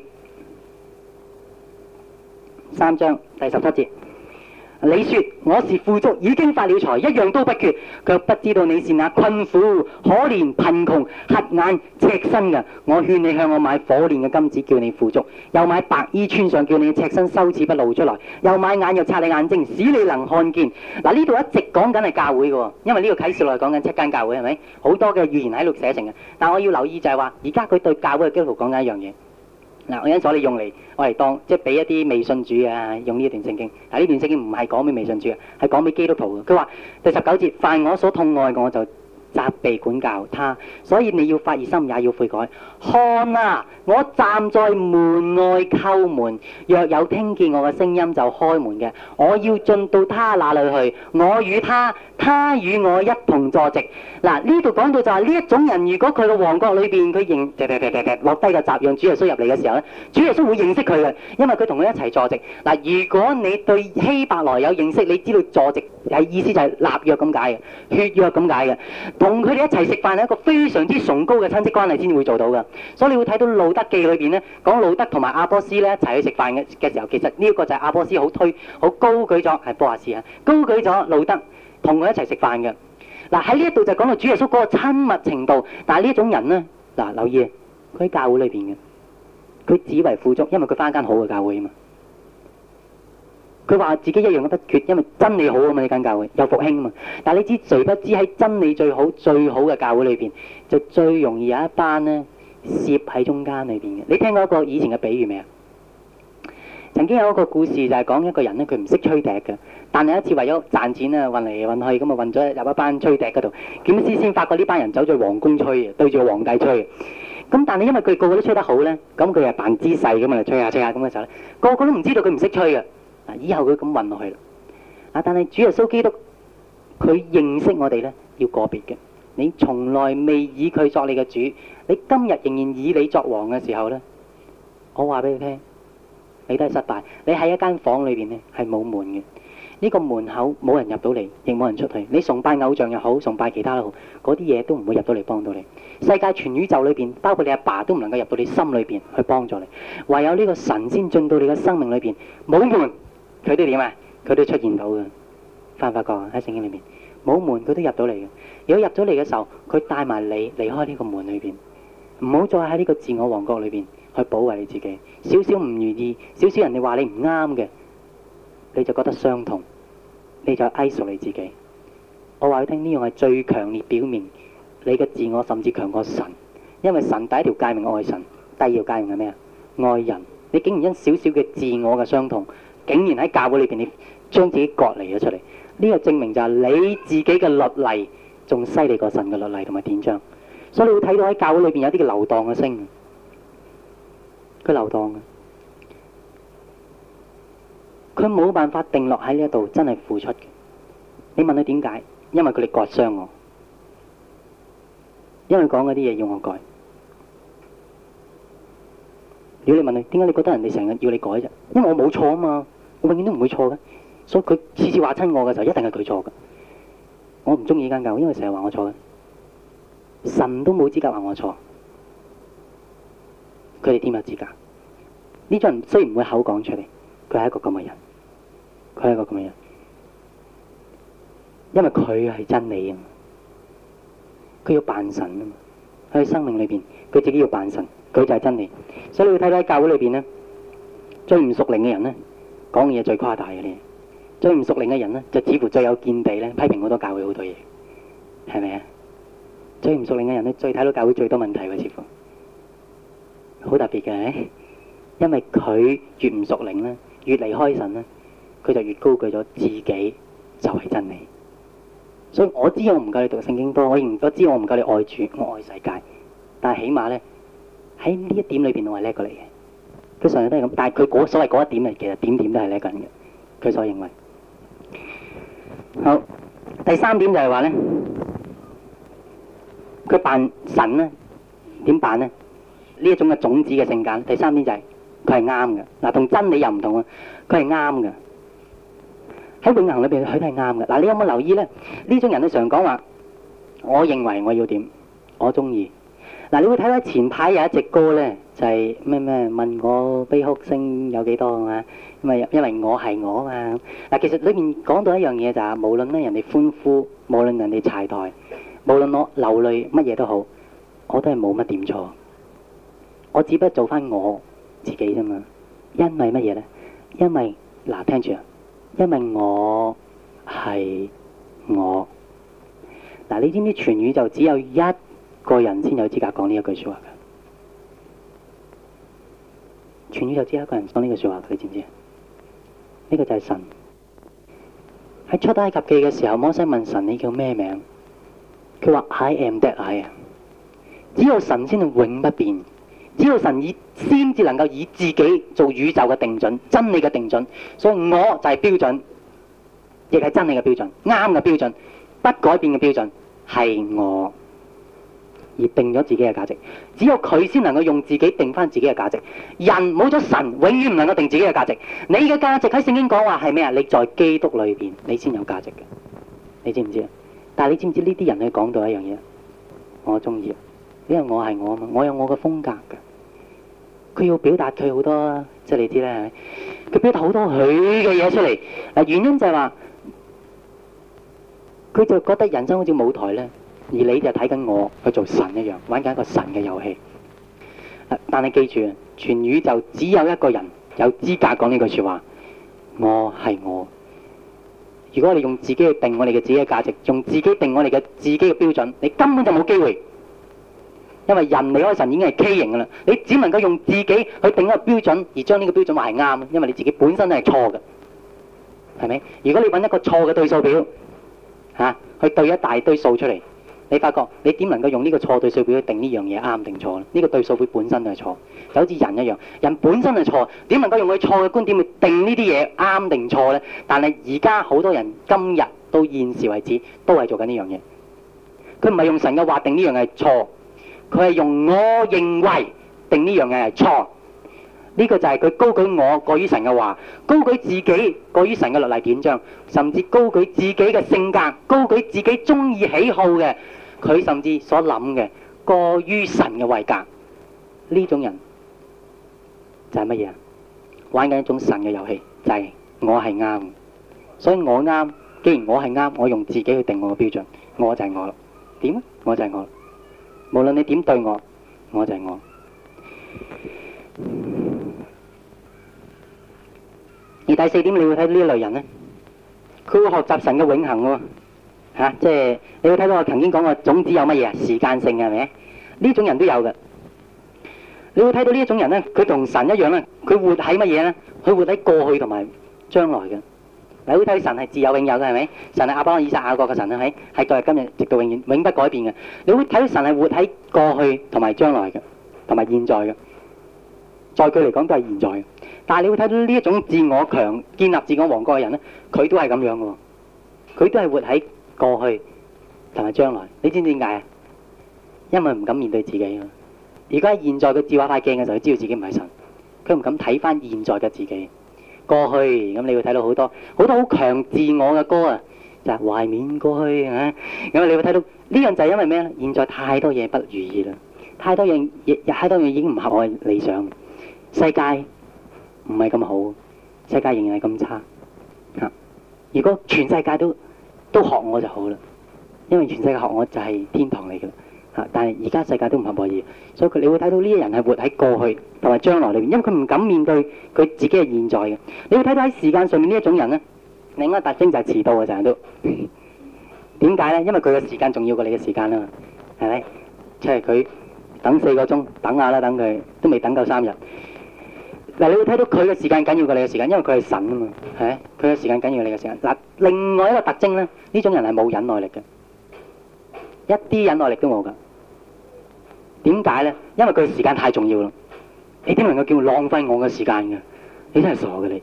第三章第十七節。你説我是富足，已經發了財，一樣都不缺，卻不知道你是那困苦、可憐、貧窮、瞎眼、赤身嘅。我勸你向我買火煉嘅金子，叫你富足；又買白衣穿上，叫你赤身羞恥不露出來；又買眼藥擦你眼睛，使你能看見。嗱、啊，呢度一直講緊係教會嘅，因為呢個啟示內講緊七間教會，係咪？好多嘅預言喺度寫成嘅。但我要留意就係話，而家佢對教會嘅基督徒講緊一樣嘢。嗱，我之所以用嚟，我係當即係俾一啲未信主啊用呢一段聖經。但係呢段聖經唔係講俾未信主嘅，係講俾基督徒嘅。佢話，第十九節，凡我所痛愛嘅，我就。責備管教他，所以你要發熱心，也要悔改。看啊，我站在門外叩門，若有聽見我嘅聲音就開門嘅，我要進到他那裡去，我與他，他與我一同坐席。嗱，呢度講到就係呢一種人，如果佢嘅王國裏邊，佢認，落低個雜養，主耶穌入嚟嘅時候咧，主耶穌會認識佢嘅，因為佢同佢一齊坐席。嗱，如果你對希伯來有認識，你知道坐席嘅意思就係立約咁解嘅，血約咁解嘅。同佢哋一齊食飯係一個非常之崇高嘅親戚關係先會做到噶，所以你會睇到《路德記》裏邊咧，講路德同埋阿波斯咧一齊去食飯嘅嘅時候，其實呢一個就係阿波斯好推好高舉咗，係波亞斯啊，高舉咗路德同佢一齊食飯嘅。嗱，喺呢一度就講到主耶穌嗰個親密程度，但係呢一種人咧，嗱，留意佢喺教會裏邊嘅，佢只為富足，因為佢返一間好嘅教會啊嘛。佢話自己一樣嘅不缺，因為真理好啊嘛！呢間教會有復興啊嘛。但係你知，誰不知喺真理最好、最好嘅教會裏邊，就最容易有一班呢攝喺中間裏邊嘅。你聽過一個以前嘅比喻未啊？曾經有一個故事就係講一個人呢，佢唔識吹笛嘅，但係有一次為咗賺錢啊，運嚟運去咁啊，運咗入一班吹笛嗰度，點知先發覺呢班人走咗皇宮吹，對住皇帝吹。咁但係因為佢個個都吹得好呢，咁佢又扮姿勢咁啊吹下吹下咁嘅時候呢，個個都唔知道佢唔識吹嘅。啊！以後佢咁混落去啦。啊！但係主耶穌基督，佢認識我哋呢，要個別嘅。你從來未以佢作你嘅主，你今日仍然以你作王嘅時候呢，我話俾你聽，你都係失敗。你喺一間房裏邊呢，係冇門嘅。呢個門口冇人入到嚟，亦冇人出去。你崇拜偶像又好，崇拜其他都好，嗰啲嘢都唔會入到嚟幫到你。世界全宇宙裏邊，包括你阿爸都唔能夠入到你心裏邊去幫助你。唯有呢個神先進到你嘅生命裏邊，冇門。佢都點啊？佢都出現到嘅，發唔發覺喺聖經裏面冇門，佢都入到嚟嘅。如果入咗嚟嘅時候，佢帶埋你離開呢個門裏邊，唔好再喺呢個自我王國裏邊去保衞你自己。少少唔如意，少少人哋話你唔啱嘅，你就覺得傷痛，你就哀訴你自己。我話你聽，呢樣係最強烈表面你嘅自我，甚至強過神，因為神第一條誡命係愛神，第二條誡命係咩啊？愛人。你竟然因少少嘅自我嘅傷痛。竟然喺教會裏邊，你將自己割離咗出嚟，呢個證明就係你自己嘅律例仲犀利過神嘅律例同埋典章，所以你會睇到喺教會裏邊有啲流蕩嘅聲，佢流蕩嘅，佢冇辦法定落喺呢一度，真係付出嘅。你問佢點解？因為佢哋割傷我，因為佢講嗰啲嘢要我改。如果你問佢點解你覺得人哋成日要你改啫？因為我冇錯啊嘛。永遠都唔會錯嘅，所以佢次次話親我嘅時候，一定係佢錯嘅。我唔中意呢間教，因為成日話我錯嘅，神都冇資格話我錯，佢哋點有資格？呢種人雖然唔會口講出嚟，佢係一個咁嘅人，佢係一個咁嘅人，因為佢係真理啊嘛。佢要扮神啊嘛，喺生命裏邊，佢自己要扮神，佢就係真理。所以你要睇睇教會裏邊呢，最唔屬靈嘅人呢，講嘢最誇大嘅呢，最唔熟靈嘅人呢，就似乎最有見地呢，批評好多教會好多嘢，係咪啊？最唔熟靈嘅人呢，最睇到教會最多問題嘅似乎，好特別嘅，因為佢越唔熟靈呢，越離開神呢，佢就越高舉咗自己就係真理。所以我知我唔夠你讀聖經多，我亦唔多知我唔夠你愛主，我愛世界，但係起碼呢，喺呢一點裏邊，我係叻過你嘅。佢常日都係咁，但係佢所謂嗰一點咧，其實點點都係咧緊嘅。佢所認為好，好第三點就係話咧，佢扮神咧點扮咧？呢一種嘅種子嘅性格。第三點就係佢係啱嘅嗱，同真理又唔同啊，佢係啱嘅，喺永恆裏邊，佢都係啱嘅嗱。你有冇留意咧？呢種人咧常講話，我認為我要點，我中意嗱。你會睇到前排有一隻歌咧。就係咩咩問我悲哭聲有幾多啊嘛？因為因為我係我啊嘛。嗱，其實裏面講到一樣嘢就係，無論咧人哋歡呼，無論人哋柴台，無論我流淚乜嘢都好，我都係冇乜點錯。我只不過做翻我自己啫嘛。因為乜嘢呢？因為嗱，聽住啊，因為我係我。嗱，你知唔知全宇宙只有一個人先有資格講呢一句説話？全宇宙只有一個人講呢個説話，你知唔知？呢、這個就係神喺出埃及記嘅時候，摩西問神你叫咩名？佢話：I am that I。只有神先係永不變，只有神以先至能夠以自己做宇宙嘅定準、真理嘅定準，所以我就係標準，亦係真理嘅標準、啱嘅標準、不改變嘅標準，係我。而定咗自己嘅價值，只有佢先能夠用自己定返自己嘅價值。人冇咗神，永遠唔能夠定自己嘅價值。你嘅價值喺聖經講話係咩啊？你在基督裏邊，你先有價值嘅。你知唔知啊？但係你知唔知呢啲人去講到一樣嘢？我中意，因為我係我啊嘛，我有我嘅風格嘅。佢要表達佢好多，即係你知啦，佢表達好多佢嘅嘢出嚟。嗱，原因就係話，佢就覺得人生好似舞台咧。而你就睇緊我去做神一樣，玩緊一個神嘅遊戲。但係記住，全宇宙只有一個人有資格講呢句説話：我係我。如果你用自己去定我哋嘅自己嘅價值，用自己定我哋嘅自己嘅標準，你根本就冇機會。因為人離開神已經係畸形㗎啦。你只能夠用自己去定一個標準，而將呢個標準話係啱，因為你自己本身都係錯嘅，係咪？如果你揾一個錯嘅對數表，啊，去對一大堆數出嚟。你發覺你點能夠用呢個錯對數表去定呢樣嘢啱定錯咧？呢個對數表本身就係錯，就好似人一樣，人本身係錯，點能夠用佢錯嘅觀點去定呢啲嘢啱定錯呢？但係而家好多人今日到現時為止都係做緊呢樣嘢，佢唔係用神嘅話定呢樣嘢係錯，佢係用我認為定呢樣嘢係錯。呢個就係佢高舉我過於神嘅話，高舉自己過於神嘅律例典章，甚至高舉自己嘅性格，高舉自己中意喜好嘅。佢甚至所諗嘅過於神嘅位格，呢種人就係乜嘢啊？玩緊一種神嘅遊戲，就係我係啱嘅，所以我啱。既然我係啱，我用自己去定我嘅標準，我就係我。點啊？我就係我。無論你點對我，我就係我。而第四點你會睇呢類人咧，佢會學習神嘅永恆喎。嚇、啊，即係你會睇到我曾經講過種子有乜嘢啊？時間性嘅係咪？呢種人都有嘅。你會睇到呢一種人咧，佢同神一樣咧，佢活喺乜嘢咧？佢活喺過去同埋將來嘅。你會睇神係自有永有嘅係咪？神係亞伯拉罕、以撒、雅各嘅神啊，喺係在今日直到永遠永不改變嘅。你會睇神係活喺過去同埋將來嘅，同埋現在嘅。再佢嚟講都係現在嘅。但係你會睇到呢一種自我強建立自我王國嘅人咧，佢都係咁樣嘅。佢都係活喺過去同埋將來，你知唔知點解啊？因為唔敢面對自己啊！而家現在嘅照畫鏡嘅時候，佢知道自己唔係神，佢唔敢睇返現在嘅自己。過去咁，你會睇到好多好多好強自我嘅歌、就係、啊，就懷緬過去嚇。咁你會睇到呢樣就係因為咩咧？現在太多嘢不如意啦，太多嘢太多嘢已經唔合我嘅理想。世界唔係咁好，世界仍然係咁差嚇、啊。如果全世界都都學我就好啦，因為全世界學我就係天堂嚟嘅，嚇！但係而家世界都唔合我意，所以佢你會睇到呢啲人係活喺過去同埋將來裏邊，因為佢唔敢面對佢自己嘅現在嘅。你會睇到喺時間上面呢一種人咧，另一個特徵就係遲到啊！成日都點解咧？因為佢嘅時間仲要過你嘅時間啊嘛，係咪？即係佢等四個鐘，等下啦，等佢都未等夠三日。嗱，你會睇到佢嘅時間緊要過你嘅時間，因為佢係神啊嘛，係？佢嘅時間緊要過你嘅時間。嗱，另外一個特徵咧，呢種人係冇忍耐力嘅，一啲忍耐力都冇噶。點解咧？因為佢時間太重要啦。你點能夠叫浪費我嘅時間嘅？你真係傻嘅你。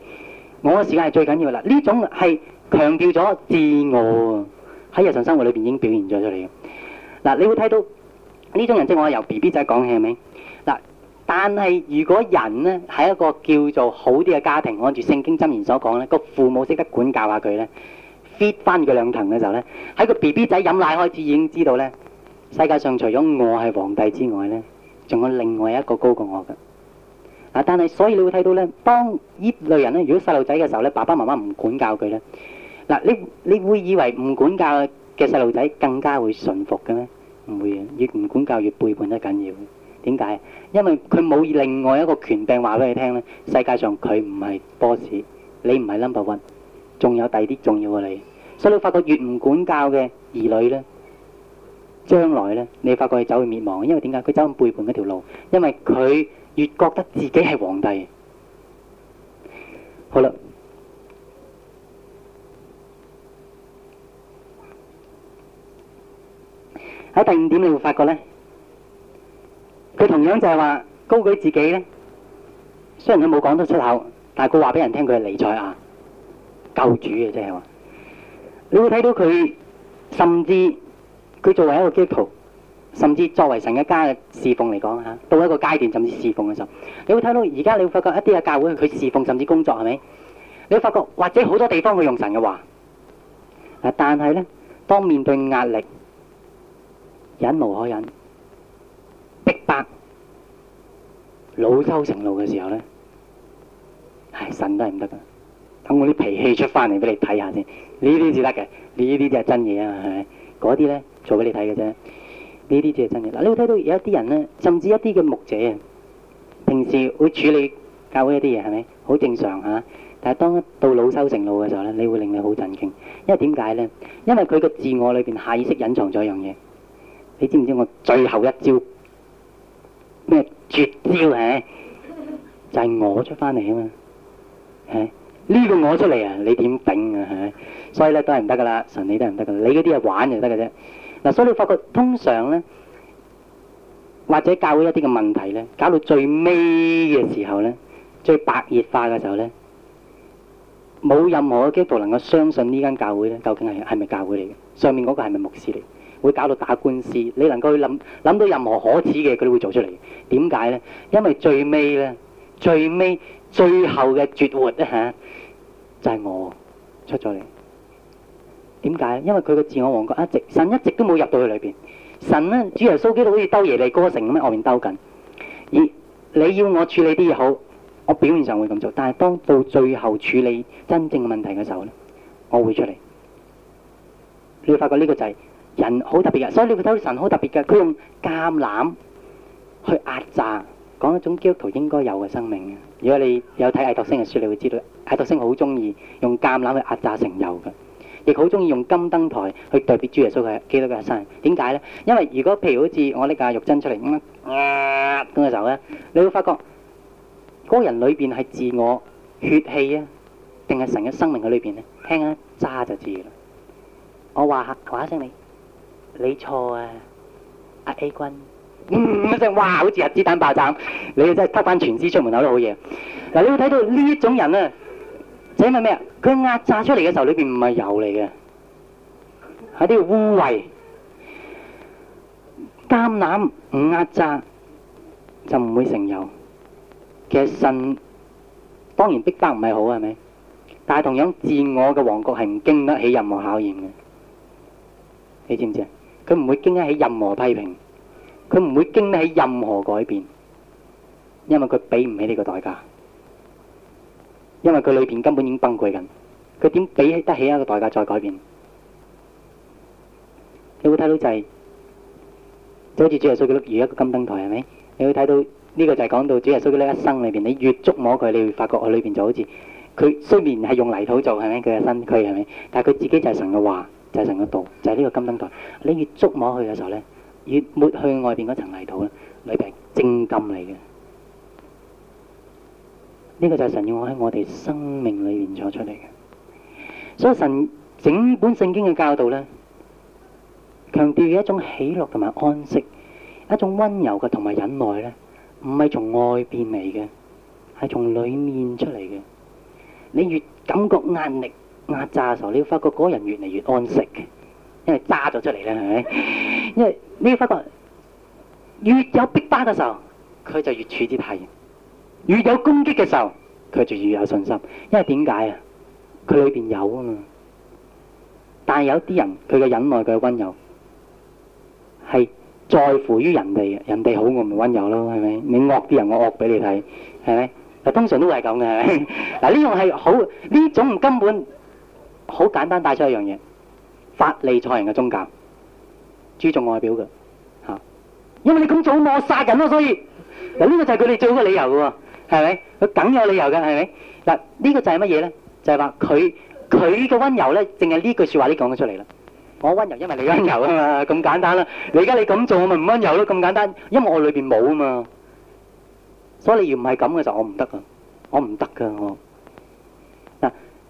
我嘅時間係最緊要啦。呢種係強調咗自我喺日常生活裏邊已經表現咗出嚟嘅。嗱，你會睇到呢種人即係我由 BB 仔講起係咪？但係如果人呢，喺一個叫做好啲嘅家庭，按住聖經箴言所講咧，個父母識得管教下佢呢。fit 翻佢兩層嘅時候呢，喺個 BB 仔飲奶開始已經知道呢，世界上除咗我係皇帝之外呢，仲有另外一個高過我嘅。但係所以你會睇到呢，當呢類人呢，如果細路仔嘅時候呢，爸爸媽媽唔管教佢呢，嗱你你會以為唔管教嘅細路仔更加會順服嘅咩？唔會嘅，越唔管教越背叛得緊要。點解？因為佢冇另外一個權柄話俾你聽咧。世界上佢唔係 boss，你唔係 number one，仲有第二啲重要過你。所以你發覺越唔管教嘅兒女咧，將來咧，你發覺佢走去滅亡。因為點解？佢走背叛嗰條路，因為佢越覺得自己係皇帝。好啦，喺第二點你會發覺咧。佢同樣就係話高舉自己呢，雖然佢冇講得出口，但係佢話俾人聽，佢係彌賽亞救主嘅，即係話。你會睇到佢，甚至佢作為一個基督徒，甚至作為神一家嘅侍奉嚟講吓，到一個階段甚至侍奉嘅時候，你會睇到而家你會發覺一啲嘅教會佢侍奉甚至工作係咪？你會發覺或者好多地方佢用神嘅話，啊、但係呢，當面對壓力，忍無可忍。逼白，老羞成怒嘅時候呢，唉，神都係唔得噶。等我啲脾氣出翻嚟，俾你睇下先，呢啲先得嘅，呢啲就係真嘢啊，係嗰啲呢，做俾你睇嘅啫，呢啲就係真嘢。嗱，你會睇到有一啲人呢，甚至一啲嘅牧者啊，平時會處理教會一啲嘢，係咪好正常吓，啊？但係當到老羞成怒嘅時候呢，你會令你好震驚，因為點解呢？因為佢嘅自我裏邊下意識隱藏咗一樣嘢，你知唔知我最後一招？咩絕招啊？就係我出翻嚟啊嘛，係呢個我出嚟啊，你點頂啊？係，所以咧都係唔得噶啦，神你都係唔得噶啦，你嗰啲係玩就得㗎啫。嗱，所以你發覺通常咧，或者教會一啲嘅問題咧，搞到最尾嘅時候咧，最白熱化嘅時候咧，冇任何嘅機構能夠相信呢間教會咧，究竟係係咪教會嚟嘅？上面嗰個係咪牧師嚟？會搞到打官司，你能夠去諗諗到任何可恥嘅，佢都會做出嚟。點解呢？因為最尾呢，最尾最後嘅絕活咧、啊、就係、是、我出咗嚟。點解呢？因為佢嘅自我王國一直神一直都冇入到去裏邊。神呢，主耶穌基督好似兜耶利哥城咁樣外面兜緊。而你要我處理啲嘢好，我表面上會咁做，但係當到最後處理真正嘅問題嘅時候呢，我會出嚟。你會發覺呢個就係、是。人好特別嘅，所以你會睇到神好特別嘅。佢用橄欖去壓榨，講一種基督徒應該有嘅生命嘅。如果你有睇艾特星嘅書，你會知道艾特星好中意用橄欖去壓榨成油嘅，亦好中意用金燈台去代表主耶穌嘅基督嘅一生。點解咧？因為如果譬如好似我拎阿玉珍出嚟咁樣啊，咁嘅時候咧，你會發覺嗰個人裏邊係自我血氣啊，定係神嘅生命喺裏邊咧？聽下，揸就知啦。我話下，話一聲你。你錯啊，阿 A 君，嗯，哇，好似核子彈爆炸，你真係吸翻全脂出門口都好嘢。嗱，你睇到呢種人咧，證明咩啊？佢、就是、壓榨出嚟嘅時候裡面，裏邊唔係油嚟嘅，喺呢啲污穢、橄欖唔壓榨，就唔會成油。其實神當然逼婚唔係好係咪？但係同樣自我嘅王國係唔經得起任何考驗嘅，你知唔知啊？佢唔會經得起任何批評，佢唔會經得起任何改變，因為佢俾唔起呢個代價，因為佢裏邊根本已經崩潰緊，佢點俾得起一個代價再改變？你會睇到就係，就好似主耶穌基督如一個金燈台係咪？你會睇到呢個就係講到主耶穌基督一生裏邊，你越捉摸佢，你會發覺佢裏邊就好似佢雖然係用泥土做係咪？佢嘅身軀係咪？但係佢自己就係神嘅話。就係神嗰度，就係呢個金燈台。你越捉摸佢嘅時候咧，越抹去外邊嗰層泥土咧，裏邊係正金嚟嘅。呢個就係神要我喺我哋生命裏面做出嚟嘅。所以神整本聖經嘅教導咧，強調嘅一種喜樂同埋安息，一種溫柔嘅同埋忍耐咧，唔係從外邊嚟嘅，係從裡面出嚟嘅。你越感覺壓力、壓榨嘅時候，你要發覺嗰個人越嚟越安息嘅，因為揸咗出嚟啦，係咪？因為你要發覺越有逼迫嘅時候，佢就越處之泰然；越有攻擊嘅時候，佢就越有信心。因為點解啊？佢裏邊有啊嘛。但係有啲人，佢嘅忍耐，佢嘅溫柔係在乎於人哋嘅，人哋好我咪溫柔咯，係咪？你惡啲人，我惡俾你睇，係咪？嗱，通常都會係咁嘅，係咪？嗱，呢樣係好，呢種根本。好簡單帶出一樣嘢，法利賽人嘅宗教，注重外表嘅吓、啊，因為你咁做我殺人咯，所以嗱呢、啊，這個就係佢哋最好嘅理由喎，係咪？佢梗有理由嘅，係咪？嗱、啊、呢、這個就係乜嘢咧？就係、是、話佢佢嘅溫柔咧，淨係呢句說話你講咗出嚟啦。我溫柔因為你溫柔啊嘛，咁簡單啦。你而家你咁做我咪唔溫柔咯，咁簡單，因為我裏邊冇啊嘛。所以你要唔係咁嘅時候，我唔得噶，我唔得噶我。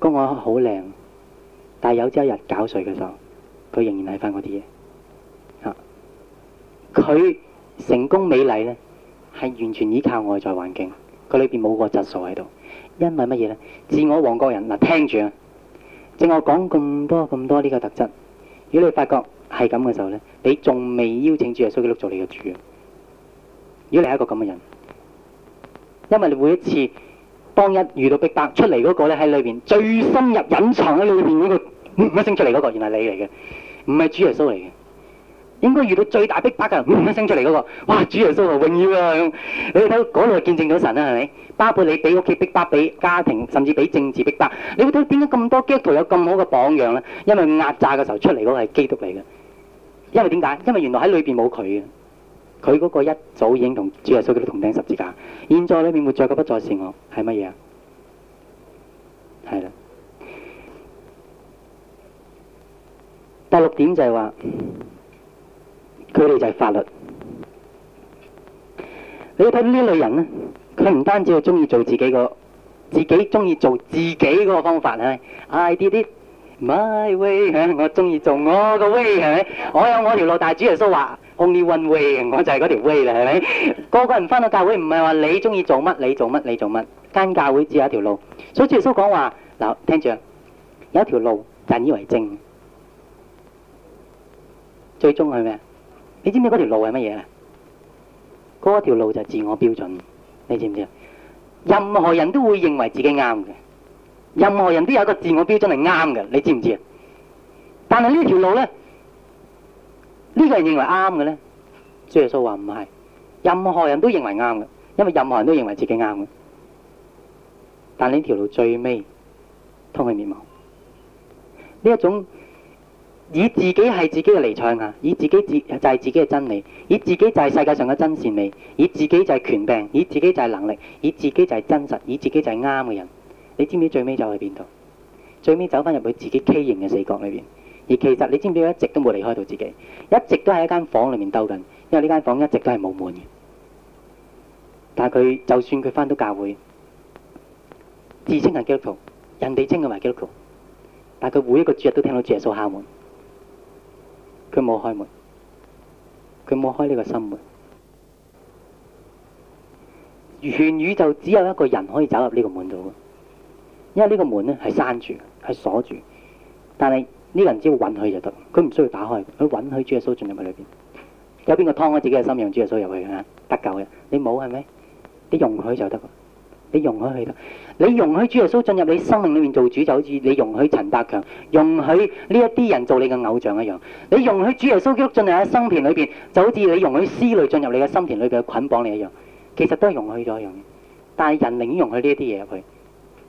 個我好靚，但係有朝一日搞碎嘅時候，佢仍然係翻嗰啲嘢。啊，佢成功美麗呢，係完全依靠外在環境，佢裏邊冇個質素喺度。因為乜嘢呢？自我王國人嗱、啊，聽住啊！正我講咁多咁多呢個特質，如果你發覺係咁嘅時候呢，你仲未邀請住耶穌基督做你嘅主人。如果你係一個咁嘅人，因為你每一次。當一遇到逼迫出嚟嗰個咧，喺裏邊最深入隱藏喺裏邊嗰個，唔、呃、唔升出嚟嗰個，原來你嚟嘅，唔係主耶穌嚟嘅，應該遇到最大逼迫嘅人唔、呃、升出嚟嗰、那個，哇！主耶穌啊，榮耀啊！你睇嗰度係見證到神啦，係咪？包括你俾屋企逼迫，俾家庭，甚至俾政治逼迫，你會睇點解咁多基督徒有咁好嘅榜樣咧？因為壓榨嘅時候出嚟嗰個係基督嚟嘅，因為點解？因為原來喺裏邊冇佢嘅。佢嗰個一早已經同主耶穌基督同釘十字架，現在裏面活著嘅不再是我，係乜嘢啊？係啦。第六點就係話，佢哋就係法律。你睇呢類人咧，佢唔單止係中意做自己個，自己中意做自己嗰個方法係咪？I did it my way，我中意做我個 Way 係咪？我有我條路，大主耶穌話。Only one way，我就係嗰條 way 啦，係咪？個個人返到教會唔係話你鍾意做乜你做乜你做乜，間教會只有一條路。所以耶穌講話，嗱，聽住啊，有一條路人以為正，最終係咩啊？你知唔知嗰條路係乜嘢啊？嗰條路就自我標準，你知唔知啊？任何人都會認為自己啱嘅，任何人都有個自我標準係啱嘅，你知唔知啊？但係呢條路咧。呢個人認為啱嘅呢？主耶穌話唔係，任何人都認為啱嘅，因為任何人都認為自己啱嘅。但呢條路最尾通去滅亡。呢一種以自己係自己嘅理想啊，以自己自就係、是、自己嘅真理，以自己就係世界上嘅真善美，以自己就係權柄，以自己就係能力，以自己就係真實，以自己就係啱嘅人。你知唔知最尾走去邊度？最尾走返入去自己畸形嘅死角裏邊。而其實你知唔知佢一直都冇離開到自己，一直都喺一間房裏面兜緊，因為呢間房一直都係冇門嘅。但係佢就算佢翻到教會，自稱係基督徒，人哋稱佢為基督徒，但係佢每一個主日都聽到主耶穌敲門，佢冇開門，佢冇開呢個心門。全宇宙只有一個人可以走入呢個門度嘅，因為呢個門咧係閂住，係鎖住，但係。呢個人只要允許就得，佢唔需要打開，佢允許主耶穌進入去裏邊。有邊個劏開自己嘅心讓主耶穌入去嘅？得救嘅，你冇係咪？你容許就得，你容許去得。你容許主耶穌進入你生命裏面做主，就好似你容許陳百強、容許呢一啲人做你嘅偶像一樣。你容許主耶穌基督進入你心田裏邊，就好似你容許思慮進入你嘅心田裏邊去捆綁你一樣。其實都係容許咗一樣嘢，但係人寧願容許呢一啲嘢入去。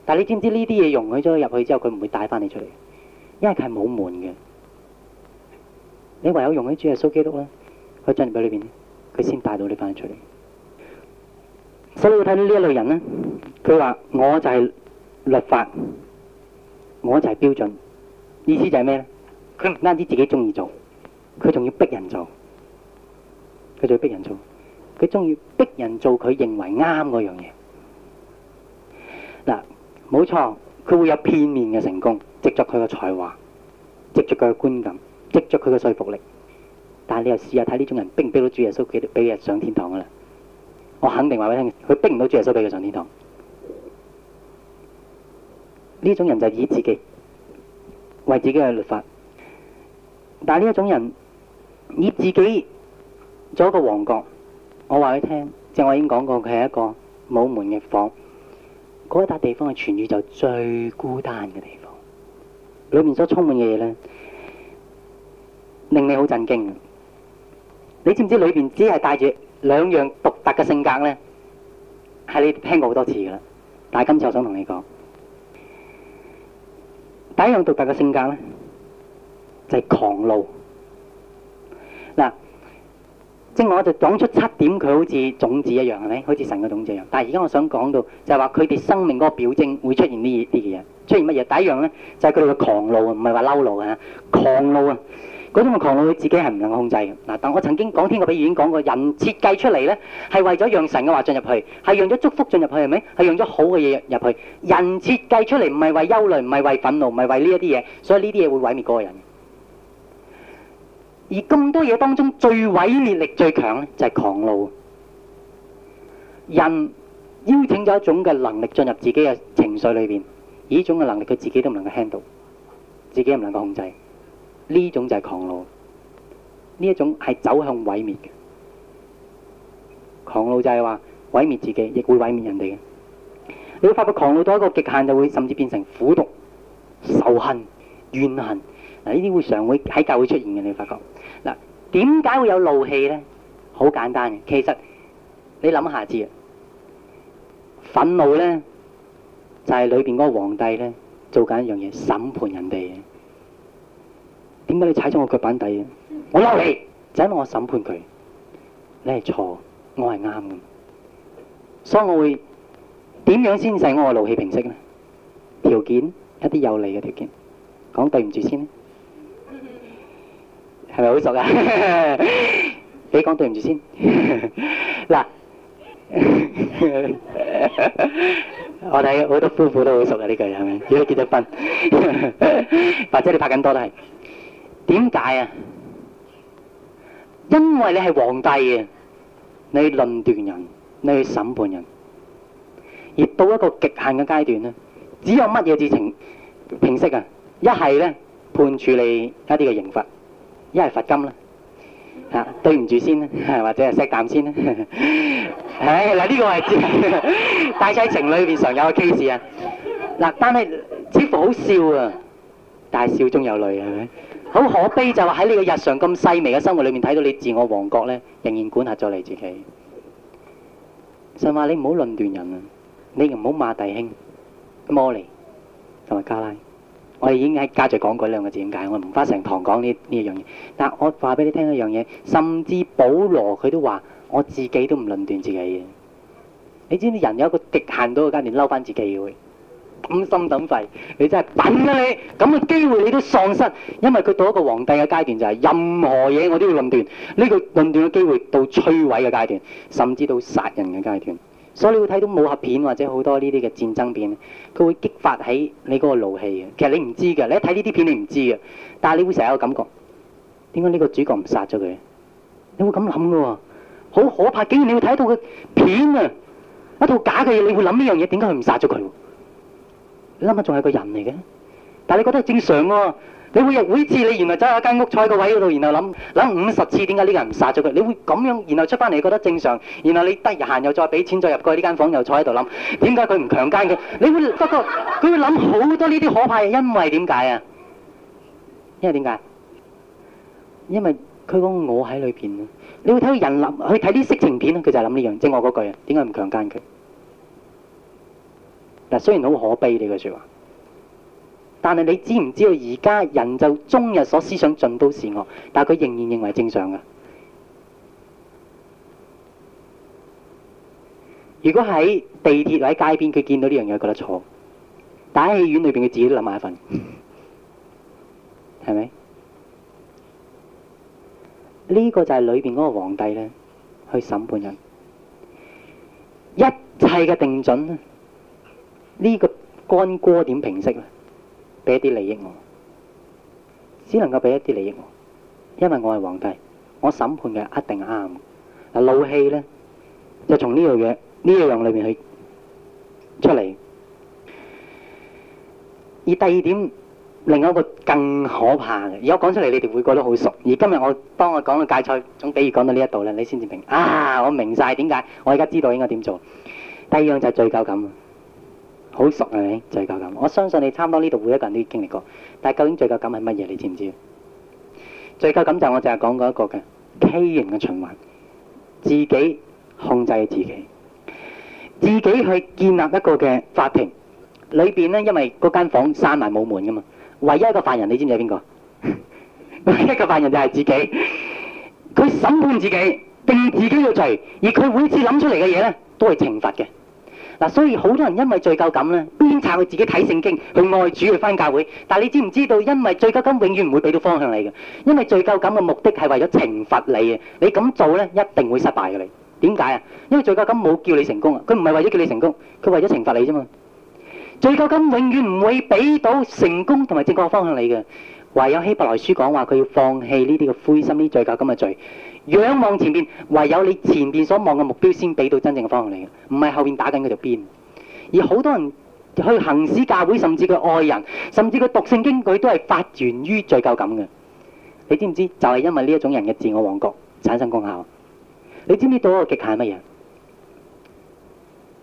但係你知唔知呢啲嘢容許咗入去之後，佢唔會帶翻你出嚟。因為佢係冇門嘅，你唯有用主耶穌基督啦，去進入佢裏邊，佢先帶到你翻出嚟。所以你睇到呢一類人咧，佢話我就係律法，我就係標準，意思就係咩咧？佢唔單止自己中意做，佢仲要逼人做，佢仲要逼人做，佢中意逼人做，佢認為啱嗰樣嘢。嗱，冇錯，佢會有片面嘅成功。藉著佢嘅才華，藉著佢嘅觀感，藉著佢嘅說服力，但係你又試下睇呢種人逼唔逼到主耶穌佢俾佢上天堂噶啦？我肯定話俾你聽，佢逼唔到主耶穌俾佢上天堂。呢種人就以自己為自己嘅律法，但係呢一種人以自己做一個王國，我話俾你聽，正如我已經講過，佢係一個冇門嘅房，嗰笪地方嘅傳語就最孤單嘅地方。裏面所充滿嘅嘢呢，令你好震驚。你知唔知裏邊只係帶住兩樣獨特嘅性格呢？係你聽過好多次噶啦，但係今次我想同你講。第一樣獨特嘅性格呢，就係狂怒。嗱，即係我就講出七點，佢好似種子一樣，係咪？好似神嘅種子一樣。但係而家我想講到，就係話佢哋生命嗰個表徵會出現呢啲嘢。出現乜嘢？第一樣咧，就係佢哋嘅狂怒啊，唔係話嬲怒啊，狂怒啊！嗰種嘅狂怒，佢自己係唔能夠控制嘅嗱。但我曾經講天國比喻已經講過，人設計出嚟咧，係為咗讓神嘅話進入去，係讓咗祝福進入去，係咪？係讓咗好嘅嘢入去。人設計出嚟唔係為憂慮，唔係為憤怒，唔係為呢一啲嘢，所以呢啲嘢會毀滅嗰個人。而咁多嘢當中，最毀滅力最強咧，就係狂怒。人邀請咗一種嘅能力進入自己嘅情緒裏邊。呢種嘅能力佢自己都唔能夠 handle，自己唔能夠控制，呢種就係狂怒，呢一種係走向毀滅嘅。狂怒就係話毀滅自己，亦會毀滅人哋嘅。你會發覺狂怒到一個極限就會甚至變成苦毒、仇恨、怨恨。嗱，呢啲會常會喺教會出現嘅，你會發覺。嗱，點解會有怒氣呢？好簡單嘅，其實你諗下先。憤怒呢，就係裏邊嗰個皇帝咧，做緊一樣嘢審判人哋。點解你踩咗我腳板底？我嬲你，就因為我審判佢，你係錯，我係啱嘅。所以，我會點樣先使我怒氣平息呢？條件一啲有利嘅條件，講對唔住先，係咪好熟啊？你講對唔住先，嗱。我睇好多夫婦都好熟啊！呢句係咪？如果結咗婚，或者你拍緊拖都係點解啊？因為你係皇帝啊！你論斷人，你審判人，而到一個極限嘅階段咧，只有乜嘢至停平息啊？一係咧判處你一啲嘅刑罰，一係罰金啦。嚇，對唔住先啦，或者係錫啖先啦。唉，嗱呢個係大世情裏面常有嘅 case 啊。嗱，但係似乎好笑啊，但係笑中有淚係咪？好可悲就話喺你嘅日常咁細微嘅生活裏面睇到你自我王國咧，仍然管轄咗你自己。神話你唔好論斷人啊，你唔好罵弟兄。摩尼，同埋加拉。我已經喺家在講嗰兩個字點解？我唔花成堂講呢呢一樣嘢。但我話俾你聽一樣嘢，甚至保羅佢都話，我自己都唔論斷自己嘅。你知唔知人有一個極限到嘅階段，嬲翻自己嘅會，揼心揼肺，你真係笨啊你！咁嘅機會你都喪失，因為佢到一個皇帝嘅階段，就係、是、任何嘢我都要論斷。呢、這個論斷嘅機會到摧毀嘅階段，甚至到殺人嘅階段。所以你會睇到武俠片或者好多呢啲嘅戰爭片，佢會激發起你嗰個怒氣嘅。其實你唔知嘅，你一睇呢啲片你唔知嘅，但係你會成日有個感覺，點解呢個主角唔殺咗佢？你會咁諗嘅喎，好可怕！竟然你要睇到佢片啊，一套假嘅嘢，你會諗呢樣嘢，點解佢唔殺咗佢？你諗下仲係個人嚟嘅，但係你覺得係正常喎。你會入會次，你原來走喺一間屋坐喺個位度，然後諗諗五十次，點解呢個人唔殺咗佢？你會咁樣，然後出翻嚟覺得正常，然後你得閒又再俾錢再入過呢間房，又坐喺度諗，點解佢唔強姦佢？你會不過佢會諗好多呢啲可怕嘅。因為點解啊？因為點解？因為佢講我喺裏邊啊！你會睇到人去睇啲色情片，佢就係諗呢樣，即我嗰句啊，點解唔強姦佢？嗱，雖然好可悲呢句說話。但係你知唔知道，而家人就終日所思想盡都是惡，但係佢仍然認為正常嘅。如果喺地鐵或者街邊，佢見到呢樣嘢覺得錯，但喺戲院裏邊佢自己都諗埋一份，係咪？呢個就係裏邊嗰個皇帝咧，去審判人，一切嘅定準咧，呢個干戈點平息咧？俾一啲利益我，只能夠俾一啲利益我，因為我係皇帝，我審判嘅一定啱。嗱，怒氣呢，就從呢樣嘢呢樣裏面，去出嚟。而第二點，另一個更可怕嘅，而我講出嚟，你哋會覺得好熟。而今日我當我講到戒菜，總比如講到呢一度啦，你先至明。啊，我明晒點解，我而家知道應該點做。第二樣就係罪疚感。好熟係你罪疚感，我相信你差唔多呢度每一個人都經歷過，但係究竟罪疚感係乜嘢？你知唔知？罪疚感就我淨係講過一個嘅畸形嘅循環，自己控制自己，自己去建立一個嘅法庭。裏邊呢，因為嗰間房閂埋冇門㗎嘛，唯一一個犯人你知唔知係邊個？ (laughs) 唯一一個犯人就係自己。佢審判自己，定自己要罪，而佢每次諗出嚟嘅嘢呢，都係懲罰嘅。嗱，所以好多人因為罪疚感咧，鞭策佢自己睇聖經，去愛主，去翻教會。但係你知唔知道？因為罪疚感永遠唔會俾到方向你嘅，因為罪疚感嘅目的係為咗懲罰你嘅。你咁做咧，一定會失敗嘅你。點解啊？因為罪疚感冇叫你成功啊，佢唔係為咗叫你成功，佢為咗懲罰你啫嘛。罪疚感永遠唔會俾到成功同埋正確嘅方向你嘅。唯有希伯來書講話，佢要放棄呢啲嘅灰心呢啲罪疚感嘅罪。仰望前面，唯有你前邊所望嘅目標，先俾到真正嘅方向嚟嘅。唔係後面打緊佢條鞭。而好多人去行使教會，甚至佢愛人，甚至佢讀聖經，佢都係發源於罪疚感嘅。你知唔知？就係、是、因為呢一種人嘅自我王國，產生功效。你知唔知道個極限係乜嘢？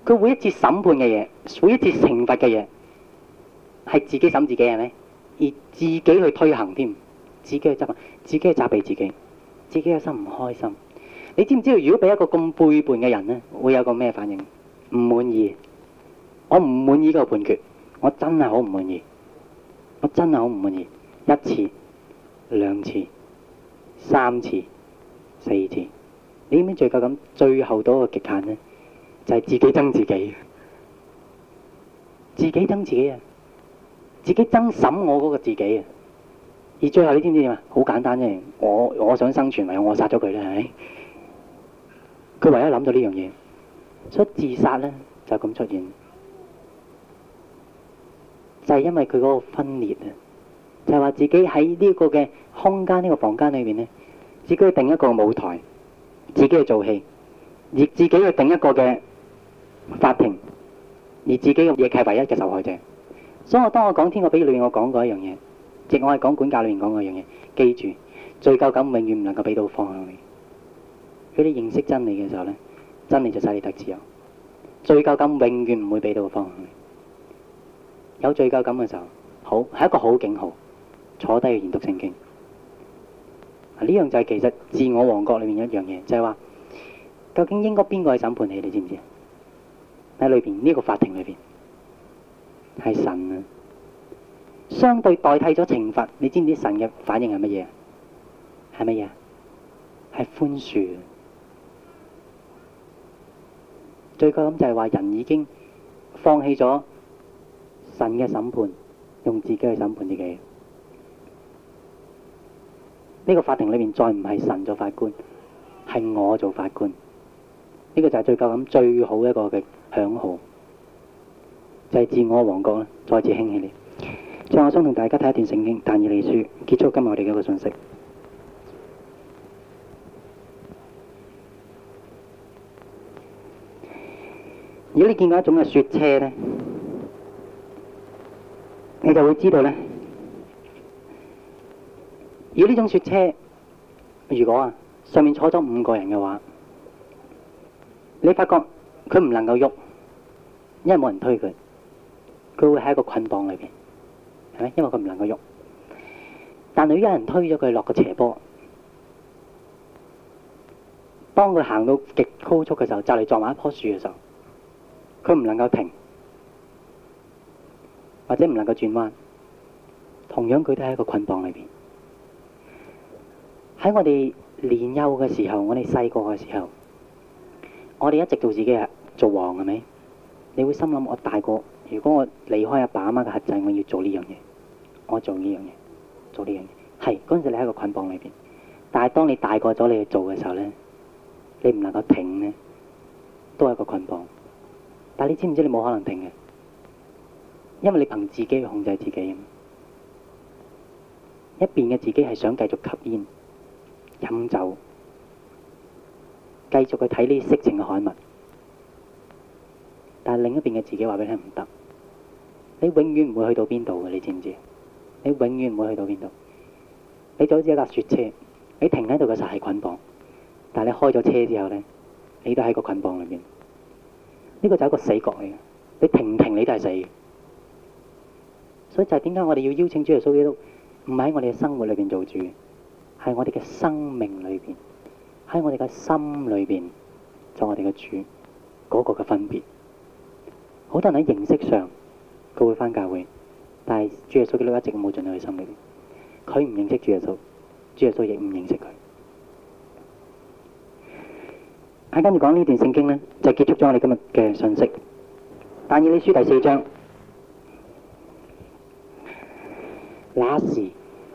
佢每一次審判嘅嘢，每一次懲罰嘅嘢，係自己審自己係咩，而自己去推行添，自己去執行，自己去責備自己。自己有心唔開心，你知唔知道？如果俾一個咁背叛嘅人呢，會有個咩反應？唔滿意，我唔滿意個判決，我真係好唔滿意，我真係好唔滿意。一次、兩次、三次、四次，你知唔知最究咁？最後到個極限呢，就係、是、自己憎自己，自己憎自己啊！自己憎審我嗰個自己啊！而最後你知唔知點啊？好簡單啫，我我想生存，唯有我殺咗佢咧，係咪？佢唯一諗到呢樣嘢，所以自殺咧就咁出現，就係因為佢嗰個分裂啊，就係話自己喺呢個嘅空間呢個房間裏邊咧，自己去定一個舞台，自己去做戲，而自己去定一個嘅法庭，而自己亦係唯一嘅受害者。所以我當我講《天國比喻》裏面，我講過一樣嘢。即我喺講管教裏面講嗰樣嘢，記住罪疚感永遠唔能夠俾到方向。佢哋認識真理嘅時候咧，真理就使你得自由。罪疚感永遠唔會俾到個方向。有罪疚感嘅時候，好係一個好警號，坐低去研讀聖經。呢樣就係其實自我王國裏面一樣嘢，就係、是、話究竟應該邊個去審判你？你知唔知？喺裏邊呢、這個法庭裏邊，係神啊！相對代替咗懲罰，你知唔知神嘅反應係乜嘢？係乜嘢？係寬恕罪疚感，就係話人已經放棄咗神嘅審判，用自己去審判自己。呢、這個法庭裏面再唔係神做法官，係我做法官。呢、這個就係罪疚感最好一個嘅響號，就係、是、自我王國咧，再次興起嚟。最後我想同大家睇一段聖經《但以理書》，結束今日我哋嘅一個信息。如果你見過一種嘅雪車咧，你就會知道咧，如果呢種雪車，如果啊上面坐咗五個人嘅話，你發覺佢唔能夠喐，因為冇人推佢，佢會喺一個捆綁裏邊。因為佢唔能夠喐，但係如果有人推咗佢落個斜坡，當佢行到極高速嘅時候，就嚟撞埋一棵樹嘅時候，佢唔能夠停，或者唔能夠轉彎，同樣佢都喺一個捆綁裏邊。喺我哋年幼嘅時候，我哋細個嘅時候，我哋一直到自己係做王係咪？你會心諗我大個，如果我離開阿爸阿媽嘅核仔，我要做呢樣嘢。我做呢樣嘢，做呢樣嘢係嗰陣時，你喺個捆綁裏邊。但係當你大過咗，你去做嘅時候咧，你唔能夠停咧，都係一個捆綁。但係你知唔知？你冇可能停嘅，因為你憑自己去控制自己。一邊嘅自己係想繼續吸煙、飲酒、繼續去睇呢色情嘅刊物，但係另一邊嘅自己話俾你聽唔得。你永遠唔會去到邊度嘅，你知唔知？你永遠唔會去到邊度。你就好似一架雪車，你停喺度嘅時候係捆綁，但係你開咗車之後呢，你都喺個捆綁裏面。呢、這個就係一個死角嚟嘅，你停停你都係死。所以就係點解我哋要邀請主耶穌基督，唔係喺我哋嘅生活裏邊做主，喺我哋嘅生命裏邊，喺我哋嘅心裏邊做我哋嘅主，嗰、那個嘅分別。好多人喺形式上，佢會返教會。但係主耶穌基督一直冇進入佢心裏，佢唔認識主耶穌，主耶穌亦唔認識佢。喺跟住講呢段聖經呢，就結束咗我哋今日嘅信息。但以理書第四章， (music) 那時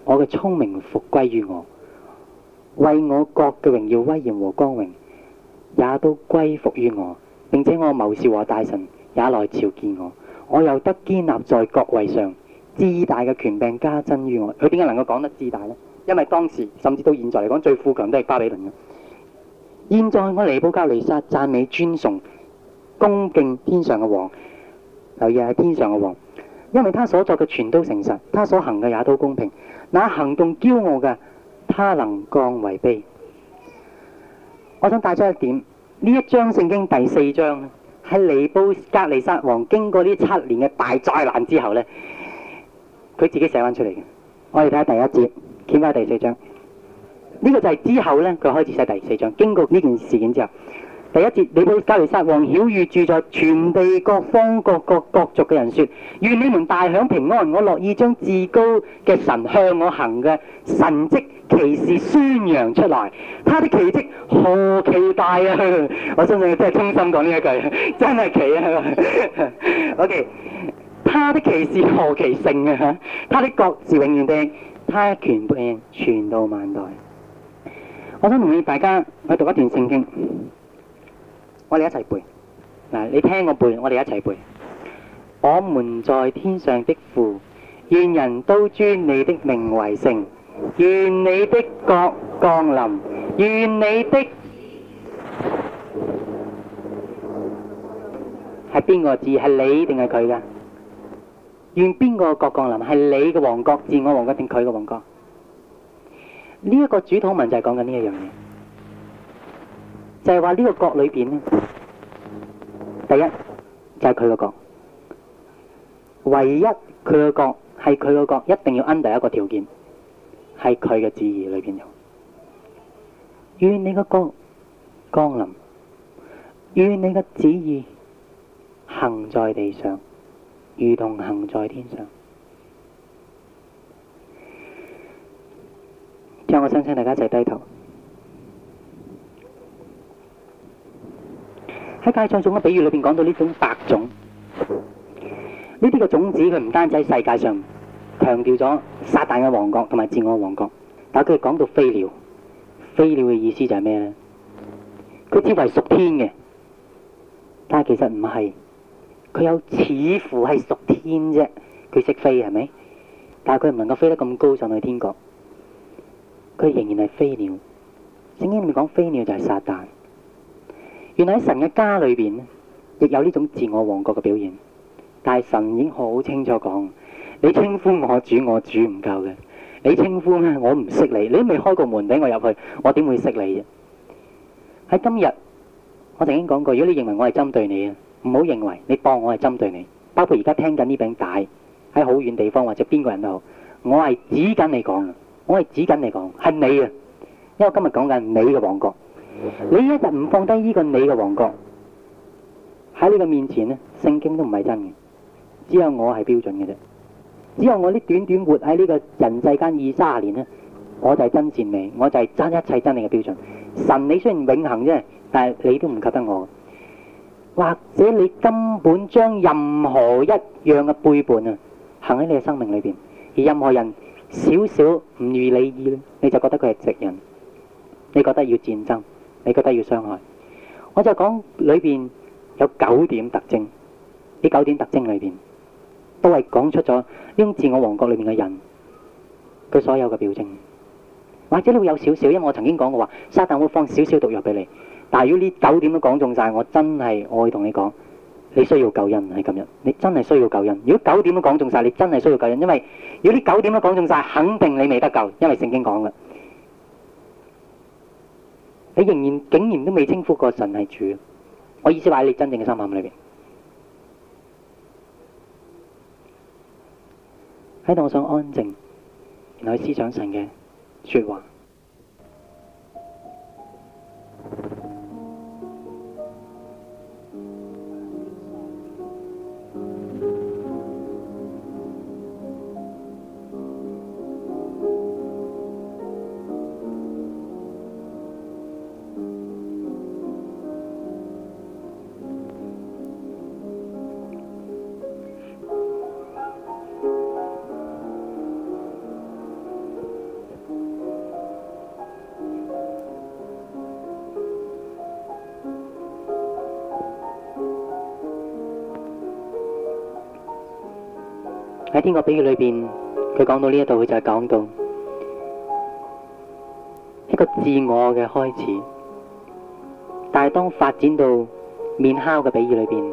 我嘅聰明復歸於我，為我國嘅榮耀、威嚴和光榮，也都歸復於我，並且我謀士和大臣也來朝見我，我又得堅立在國位上。自大嘅權柄加增於我。佢點解能夠講得自大呢？因為當時甚至到現在嚟講，最富強都係巴比倫嘅。現在我尼布甲尼撒讚美、尊崇、恭敬天上嘅王，留意係天上嘅王，因為他所作嘅全都誠實，他所行嘅也都公平。那行動驕傲嘅，他能降為卑。我想帶出一點，呢一章聖經第四章，喺尼布甲尼撒王經過呢七年嘅大災難之後呢，佢自己寫翻出嚟嘅，我哋睇下第一節，掀翻第四章。呢、這個就係之後呢，佢開始寫第四章。經過呢件事件之後，第一節，尼布甲尼撒王曉諭住在全地各方各國各，各族嘅人説：願你們大享平安！我樂意將至高嘅神向我行嘅神蹟奇事宣揚出來。他的奇蹟何其大啊！ (laughs) 我相信你真係衷心講呢一句，真係奇啊 (laughs) ！OK。他的奇事何其盛啊！他的國是永遠的，他的權柄傳到萬代。我想同大家去讀一段聖經，我哋一齊背。嗱，你聽我背，我哋一齊背。我們在天上的父，願人都尊你的名為聖，願你的國降臨，願你的係邊個字？係你定係佢噶？願邊個國降臨？係你嘅王國，自我王國定佢嘅王國？呢一個主禱文就係講緊呢一樣嘢，就係話呢個國裏邊咧，第一就係佢嘅國，唯一佢嘅國係佢嘅國，一定要 under 一個條件，係佢嘅旨意裏邊有。願你嘅國降臨，願你嘅旨意行在地上。如同行在天上，即係我想請大家一齊低頭。喺芥菜種嘅比喻裏邊講到呢種白種，呢啲嘅種子佢唔單止喺世界上，強調咗撒旦嘅王國同埋自我嘅王國，但係佢講到飛鳥，飛鳥嘅意思就係咩咧？佢只為屬天嘅，但係其實唔係。佢有似乎係屬天啫，佢識飛係咪？但係佢唔能夠飛得咁高上去天國，佢仍然係飛鳥。正經咪講飛鳥就係撒旦。原來喺神嘅家裏邊，亦有呢種自我王國嘅表現。但係神已經好清楚講，你稱呼我主我主唔夠嘅，你稱呼我唔識你，你都未開過門俾我入去，我點會識你啫？喺今日，我曾經講過，如果你認為我係針對你嘅。唔好認為你幫我係針對你，包括而家聽緊呢餅帶喺好遠地方或者邊個人都好，我係指緊你講啊，我係指緊你講係你啊，因為今日講緊你嘅王國，你一日唔放低呢個你嘅王國喺你嘅面前咧，聖經都唔係真嘅，只有我係標準嘅啫，只有我呢短短活喺呢個人世間二三十年咧，我就係真善美，我就係真一切真理嘅標準，神你雖然永恆啫，但係你都唔及得我。或者你根本將任何一樣嘅背叛啊，行喺你嘅生命裏邊，而任何人少少唔如你意咧，你就覺得佢係敵人，你覺得要戰爭，你覺得要傷害。我就講裏邊有九點特徵，呢九點特徵裏邊都係講出咗呢種自我王國裡面嘅人，佢所有嘅表徵。或者你會有少少，因為我曾經講過話，撒旦會放少少毒藥俾你。但係如果呢九點都講中晒，我真係我愛同你講，你需要救恩喺今日，你真係需要救恩。如果九點都講中晒，你真係需要救恩，因為如果呢九點都講中晒，肯定你未得救，因為聖經講噶，你仍然竟然都未稱呼個神係主。我意思話喺你真正嘅心坎裏邊，喺度我想安靜，然後思想神嘅說話。喺天國比喻裏邊，佢講到呢一度，佢就係講到一個自我嘅開始。但係當發展到麵酵嘅比喻裏邊，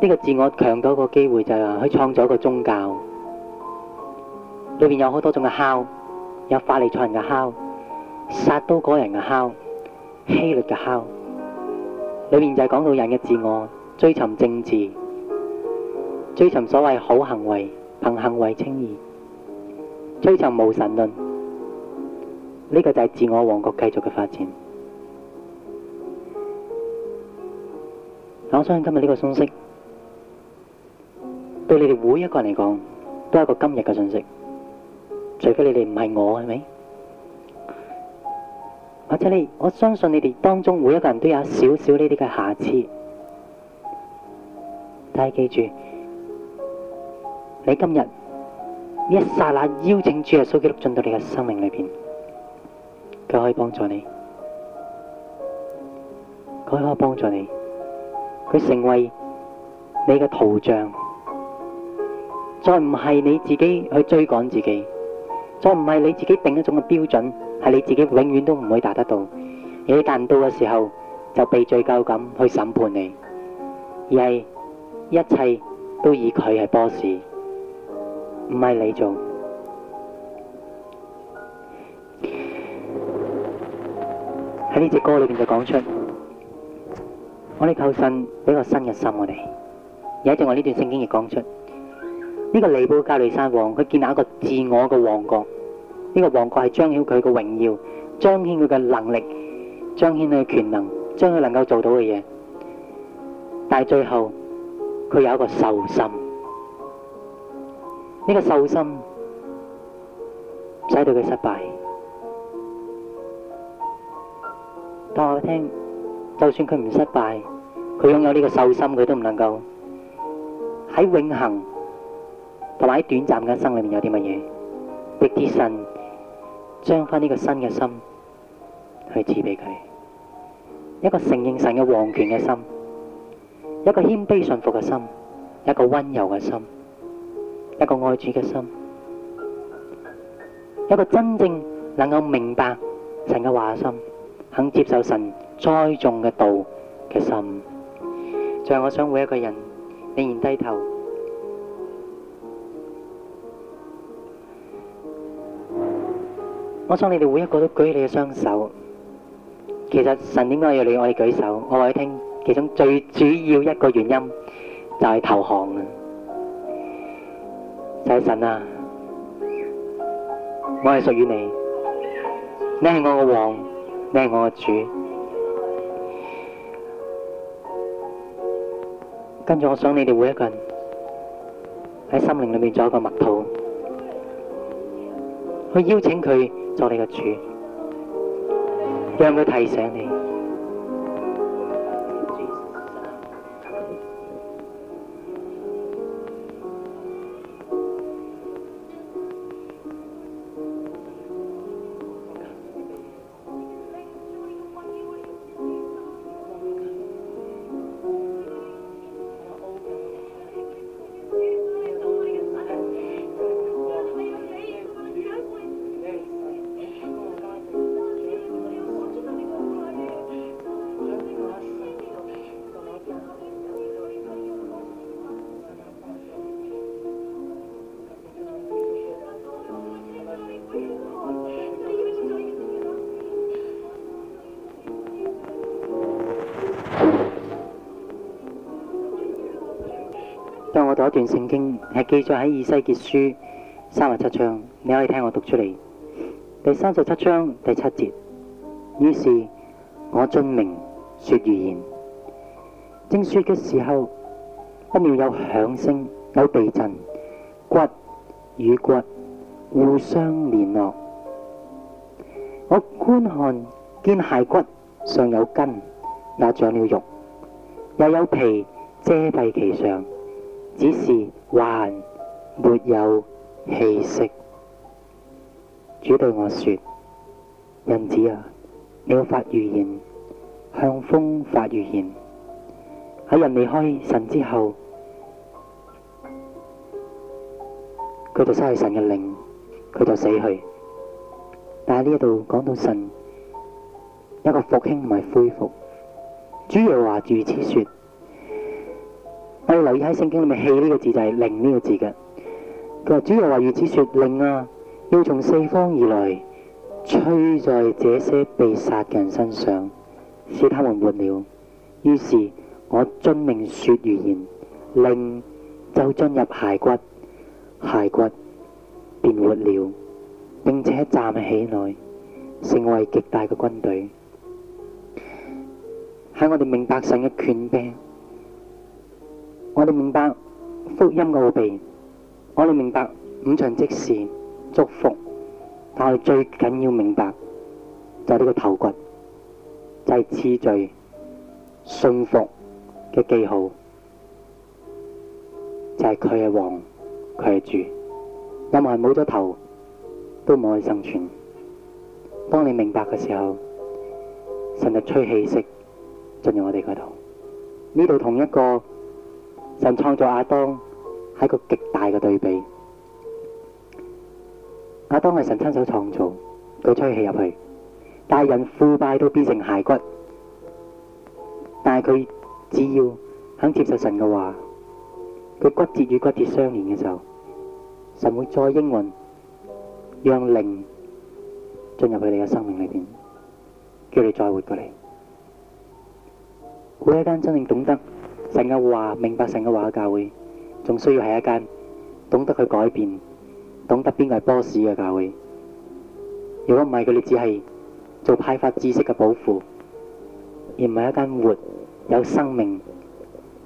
呢個自我強咗一個機會就係去創造一個宗教，裏邊有好多種嘅酵，有法利賽人嘅酵，撒都該人嘅酵，希律嘅酵，裏邊就係講到人嘅自我追尋政治。追尋所謂好行為，憑行為稱義，追尋無神論，呢、這個就係自我王國繼續嘅發展。我相信今日呢個信息，對你哋每一個人嚟講，都係一個今日嘅信息。除非你哋唔係我，係咪？或者你，我相信你哋當中每一個人都有一少少呢啲嘅瑕疵，但係記住。你今日一剎那邀請主耶穌基督進到你嘅生命裏邊，佢可以幫助你，佢可以幫助你，佢成為你嘅圖像，再唔係你自己去追趕自己，再唔係你自己定一種嘅標準，係你自己永遠都唔會達得到，你達唔到嘅時候就被罪疚咁去審判你，而係一切都以佢係 boss。唔係你做，喺呢隻歌裏邊就講出，我哋求神俾個新嘅心我哋。而家就我呢段聖經亦講出，呢個尼布甲尼撒王，佢建立一個自我嘅王國，呢個王國係彰顯佢嘅榮耀，彰顯佢嘅能力，彰顯佢嘅權能，將佢能夠做到嘅嘢。但係最後，佢有一個獸心。呢個獸心使到佢失敗，但我聽就算佢唔失敗，佢擁有呢個獸心，佢都唔能夠喺永恒同埋喺短暫嘅生裏面有啲乜嘢，逼啲神將翻呢個新嘅心去賜俾佢，一個承認神嘅王權嘅心，一個謙卑信服嘅心，一個温柔嘅心。一個愛主嘅心，一個真正能夠明白神嘅話心，肯接受神栽種嘅道嘅心，最後我想每一個人，你願低頭。我想你哋每一個都舉起你嘅雙手。其實神點解要你我哋舉手？我話你聽其中最主要一個原因就係投降啊！使神啊！我係屬於你，你係我個王，你係我個主。跟住我想你哋每一個人喺心靈裏面做一個默禱，去邀請佢做你個主，讓佢提醒你。一段聖經係記載喺以西結書三十七章，你可以聽我讀出嚟。第三十七章第七節，於是我遵命說預言。正說嘅時候，不料有響聲，有地震，骨與骨互相聯絡。我觀看，見骸骨上有筋，也長了肉，又有皮遮蔽其上。只是還沒有氣息，主對我說：人子啊，你要發預言，向風發預言。喺人離開神之後，佢就失去神嘅靈，佢就死去。但係呢一度講到神一個復興唔係恢復，主又話如此說。我哋留意喺聖經裏面，氣呢個字就係靈呢個字嘅。佢話主要話如此說，靈啊，要從四方而來，吹在這些被殺嘅人身上，使他們活了。於是我遵命說預言，靈就進入骸骨，骸骨便活了，並且站起來，成為極大嘅軍隊。喺我哋明白神嘅權柄。我哋明白福音嘅奧秘，我哋明白五場即時祝福，但係最緊要明白就係呢個頭骨就係、是、次序信服嘅記號，就係佢係王，佢係主。任何人冇咗頭都冇可以生存。當你明白嘅時候，神就吹氣息進入我哋嗰度。呢度同一個。神創造亞當，係個極大嘅對比。亞當係神親手創造，佢吹氣入去，但人腐敗到變成骸骨。但係佢只要肯接受神嘅話，佢骨節與骨節相連嘅時候，神會再應允，讓靈進入佢哋嘅生命裏邊，叫你再活過嚟。開一間真正懂得。神嘅話，明白神嘅話，教會仲需要係一間懂得去改變、懂得邊個係 boss 嘅教會。如果唔係，佢哋只係做派發知識嘅寶庫，而唔係一間活有生命、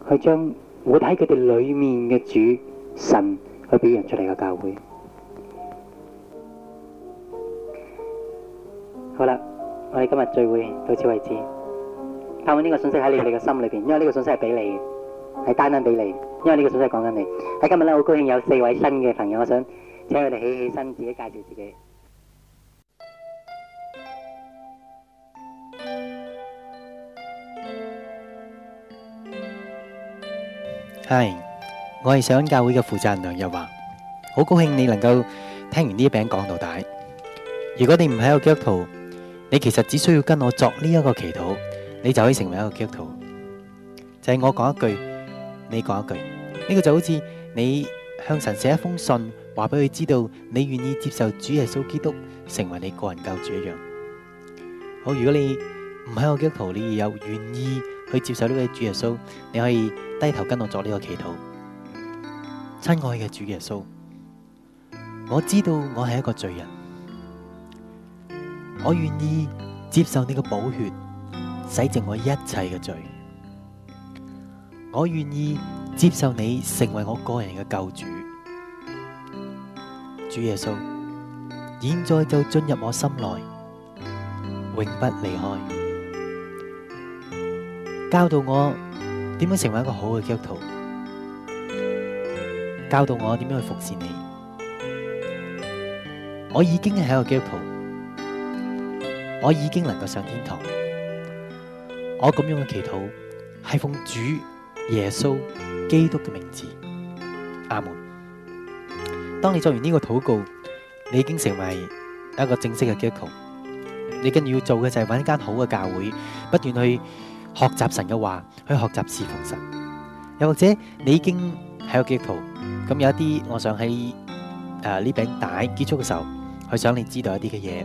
佢將活喺佢哋裏面嘅主神去表揚出嚟嘅教會。好啦，我哋今日聚會到此為止。透過呢個信息喺你哋嘅心裏邊，因為呢個信息係俾你，係單單俾你，因為呢個信息講緊你喺今日咧。好高興有四位新嘅朋友，我想請佢哋起起身，自己介紹自己。係，我係上教會嘅負責人梁日華，好高興你能夠聽完呢一餅講到底。如果你唔係個基督徒，你其實只需要跟我作呢一個祈禱。你就可以成為一個基督徒，就係、是、我講一句，你講一句，呢、這個就好似你向神寫一封信，話俾佢知道你願意接受主耶穌基督成為你個人救主一樣。好，如果你唔係我基督徒，你又願意去接受呢位主耶穌，你可以低頭跟我做呢個祈禱。親愛嘅主耶穌，我知道我係一個罪人，我願意接受你嘅寶血。洗淨我一切嘅罪，我願意接受你成為我個人嘅救主。主耶穌，現在就進入我心內，永不離開。教導我點樣成為一個好嘅基督徒，教導我點樣去服侍你。我已經係一個基督徒，我已經能夠上天堂。我咁樣嘅祈禱係奉主耶穌基督嘅名字，阿門。當你做完呢個禱告，你已經成為一個正式嘅基督徒。你跟住要做嘅就係揾一間好嘅教會，不斷去學習神嘅話，去學習侍奉神。又或者你已經係個基督徒，咁有一啲，我想喺誒呢餅帶結束嘅時候，去想你知道一啲嘅嘢。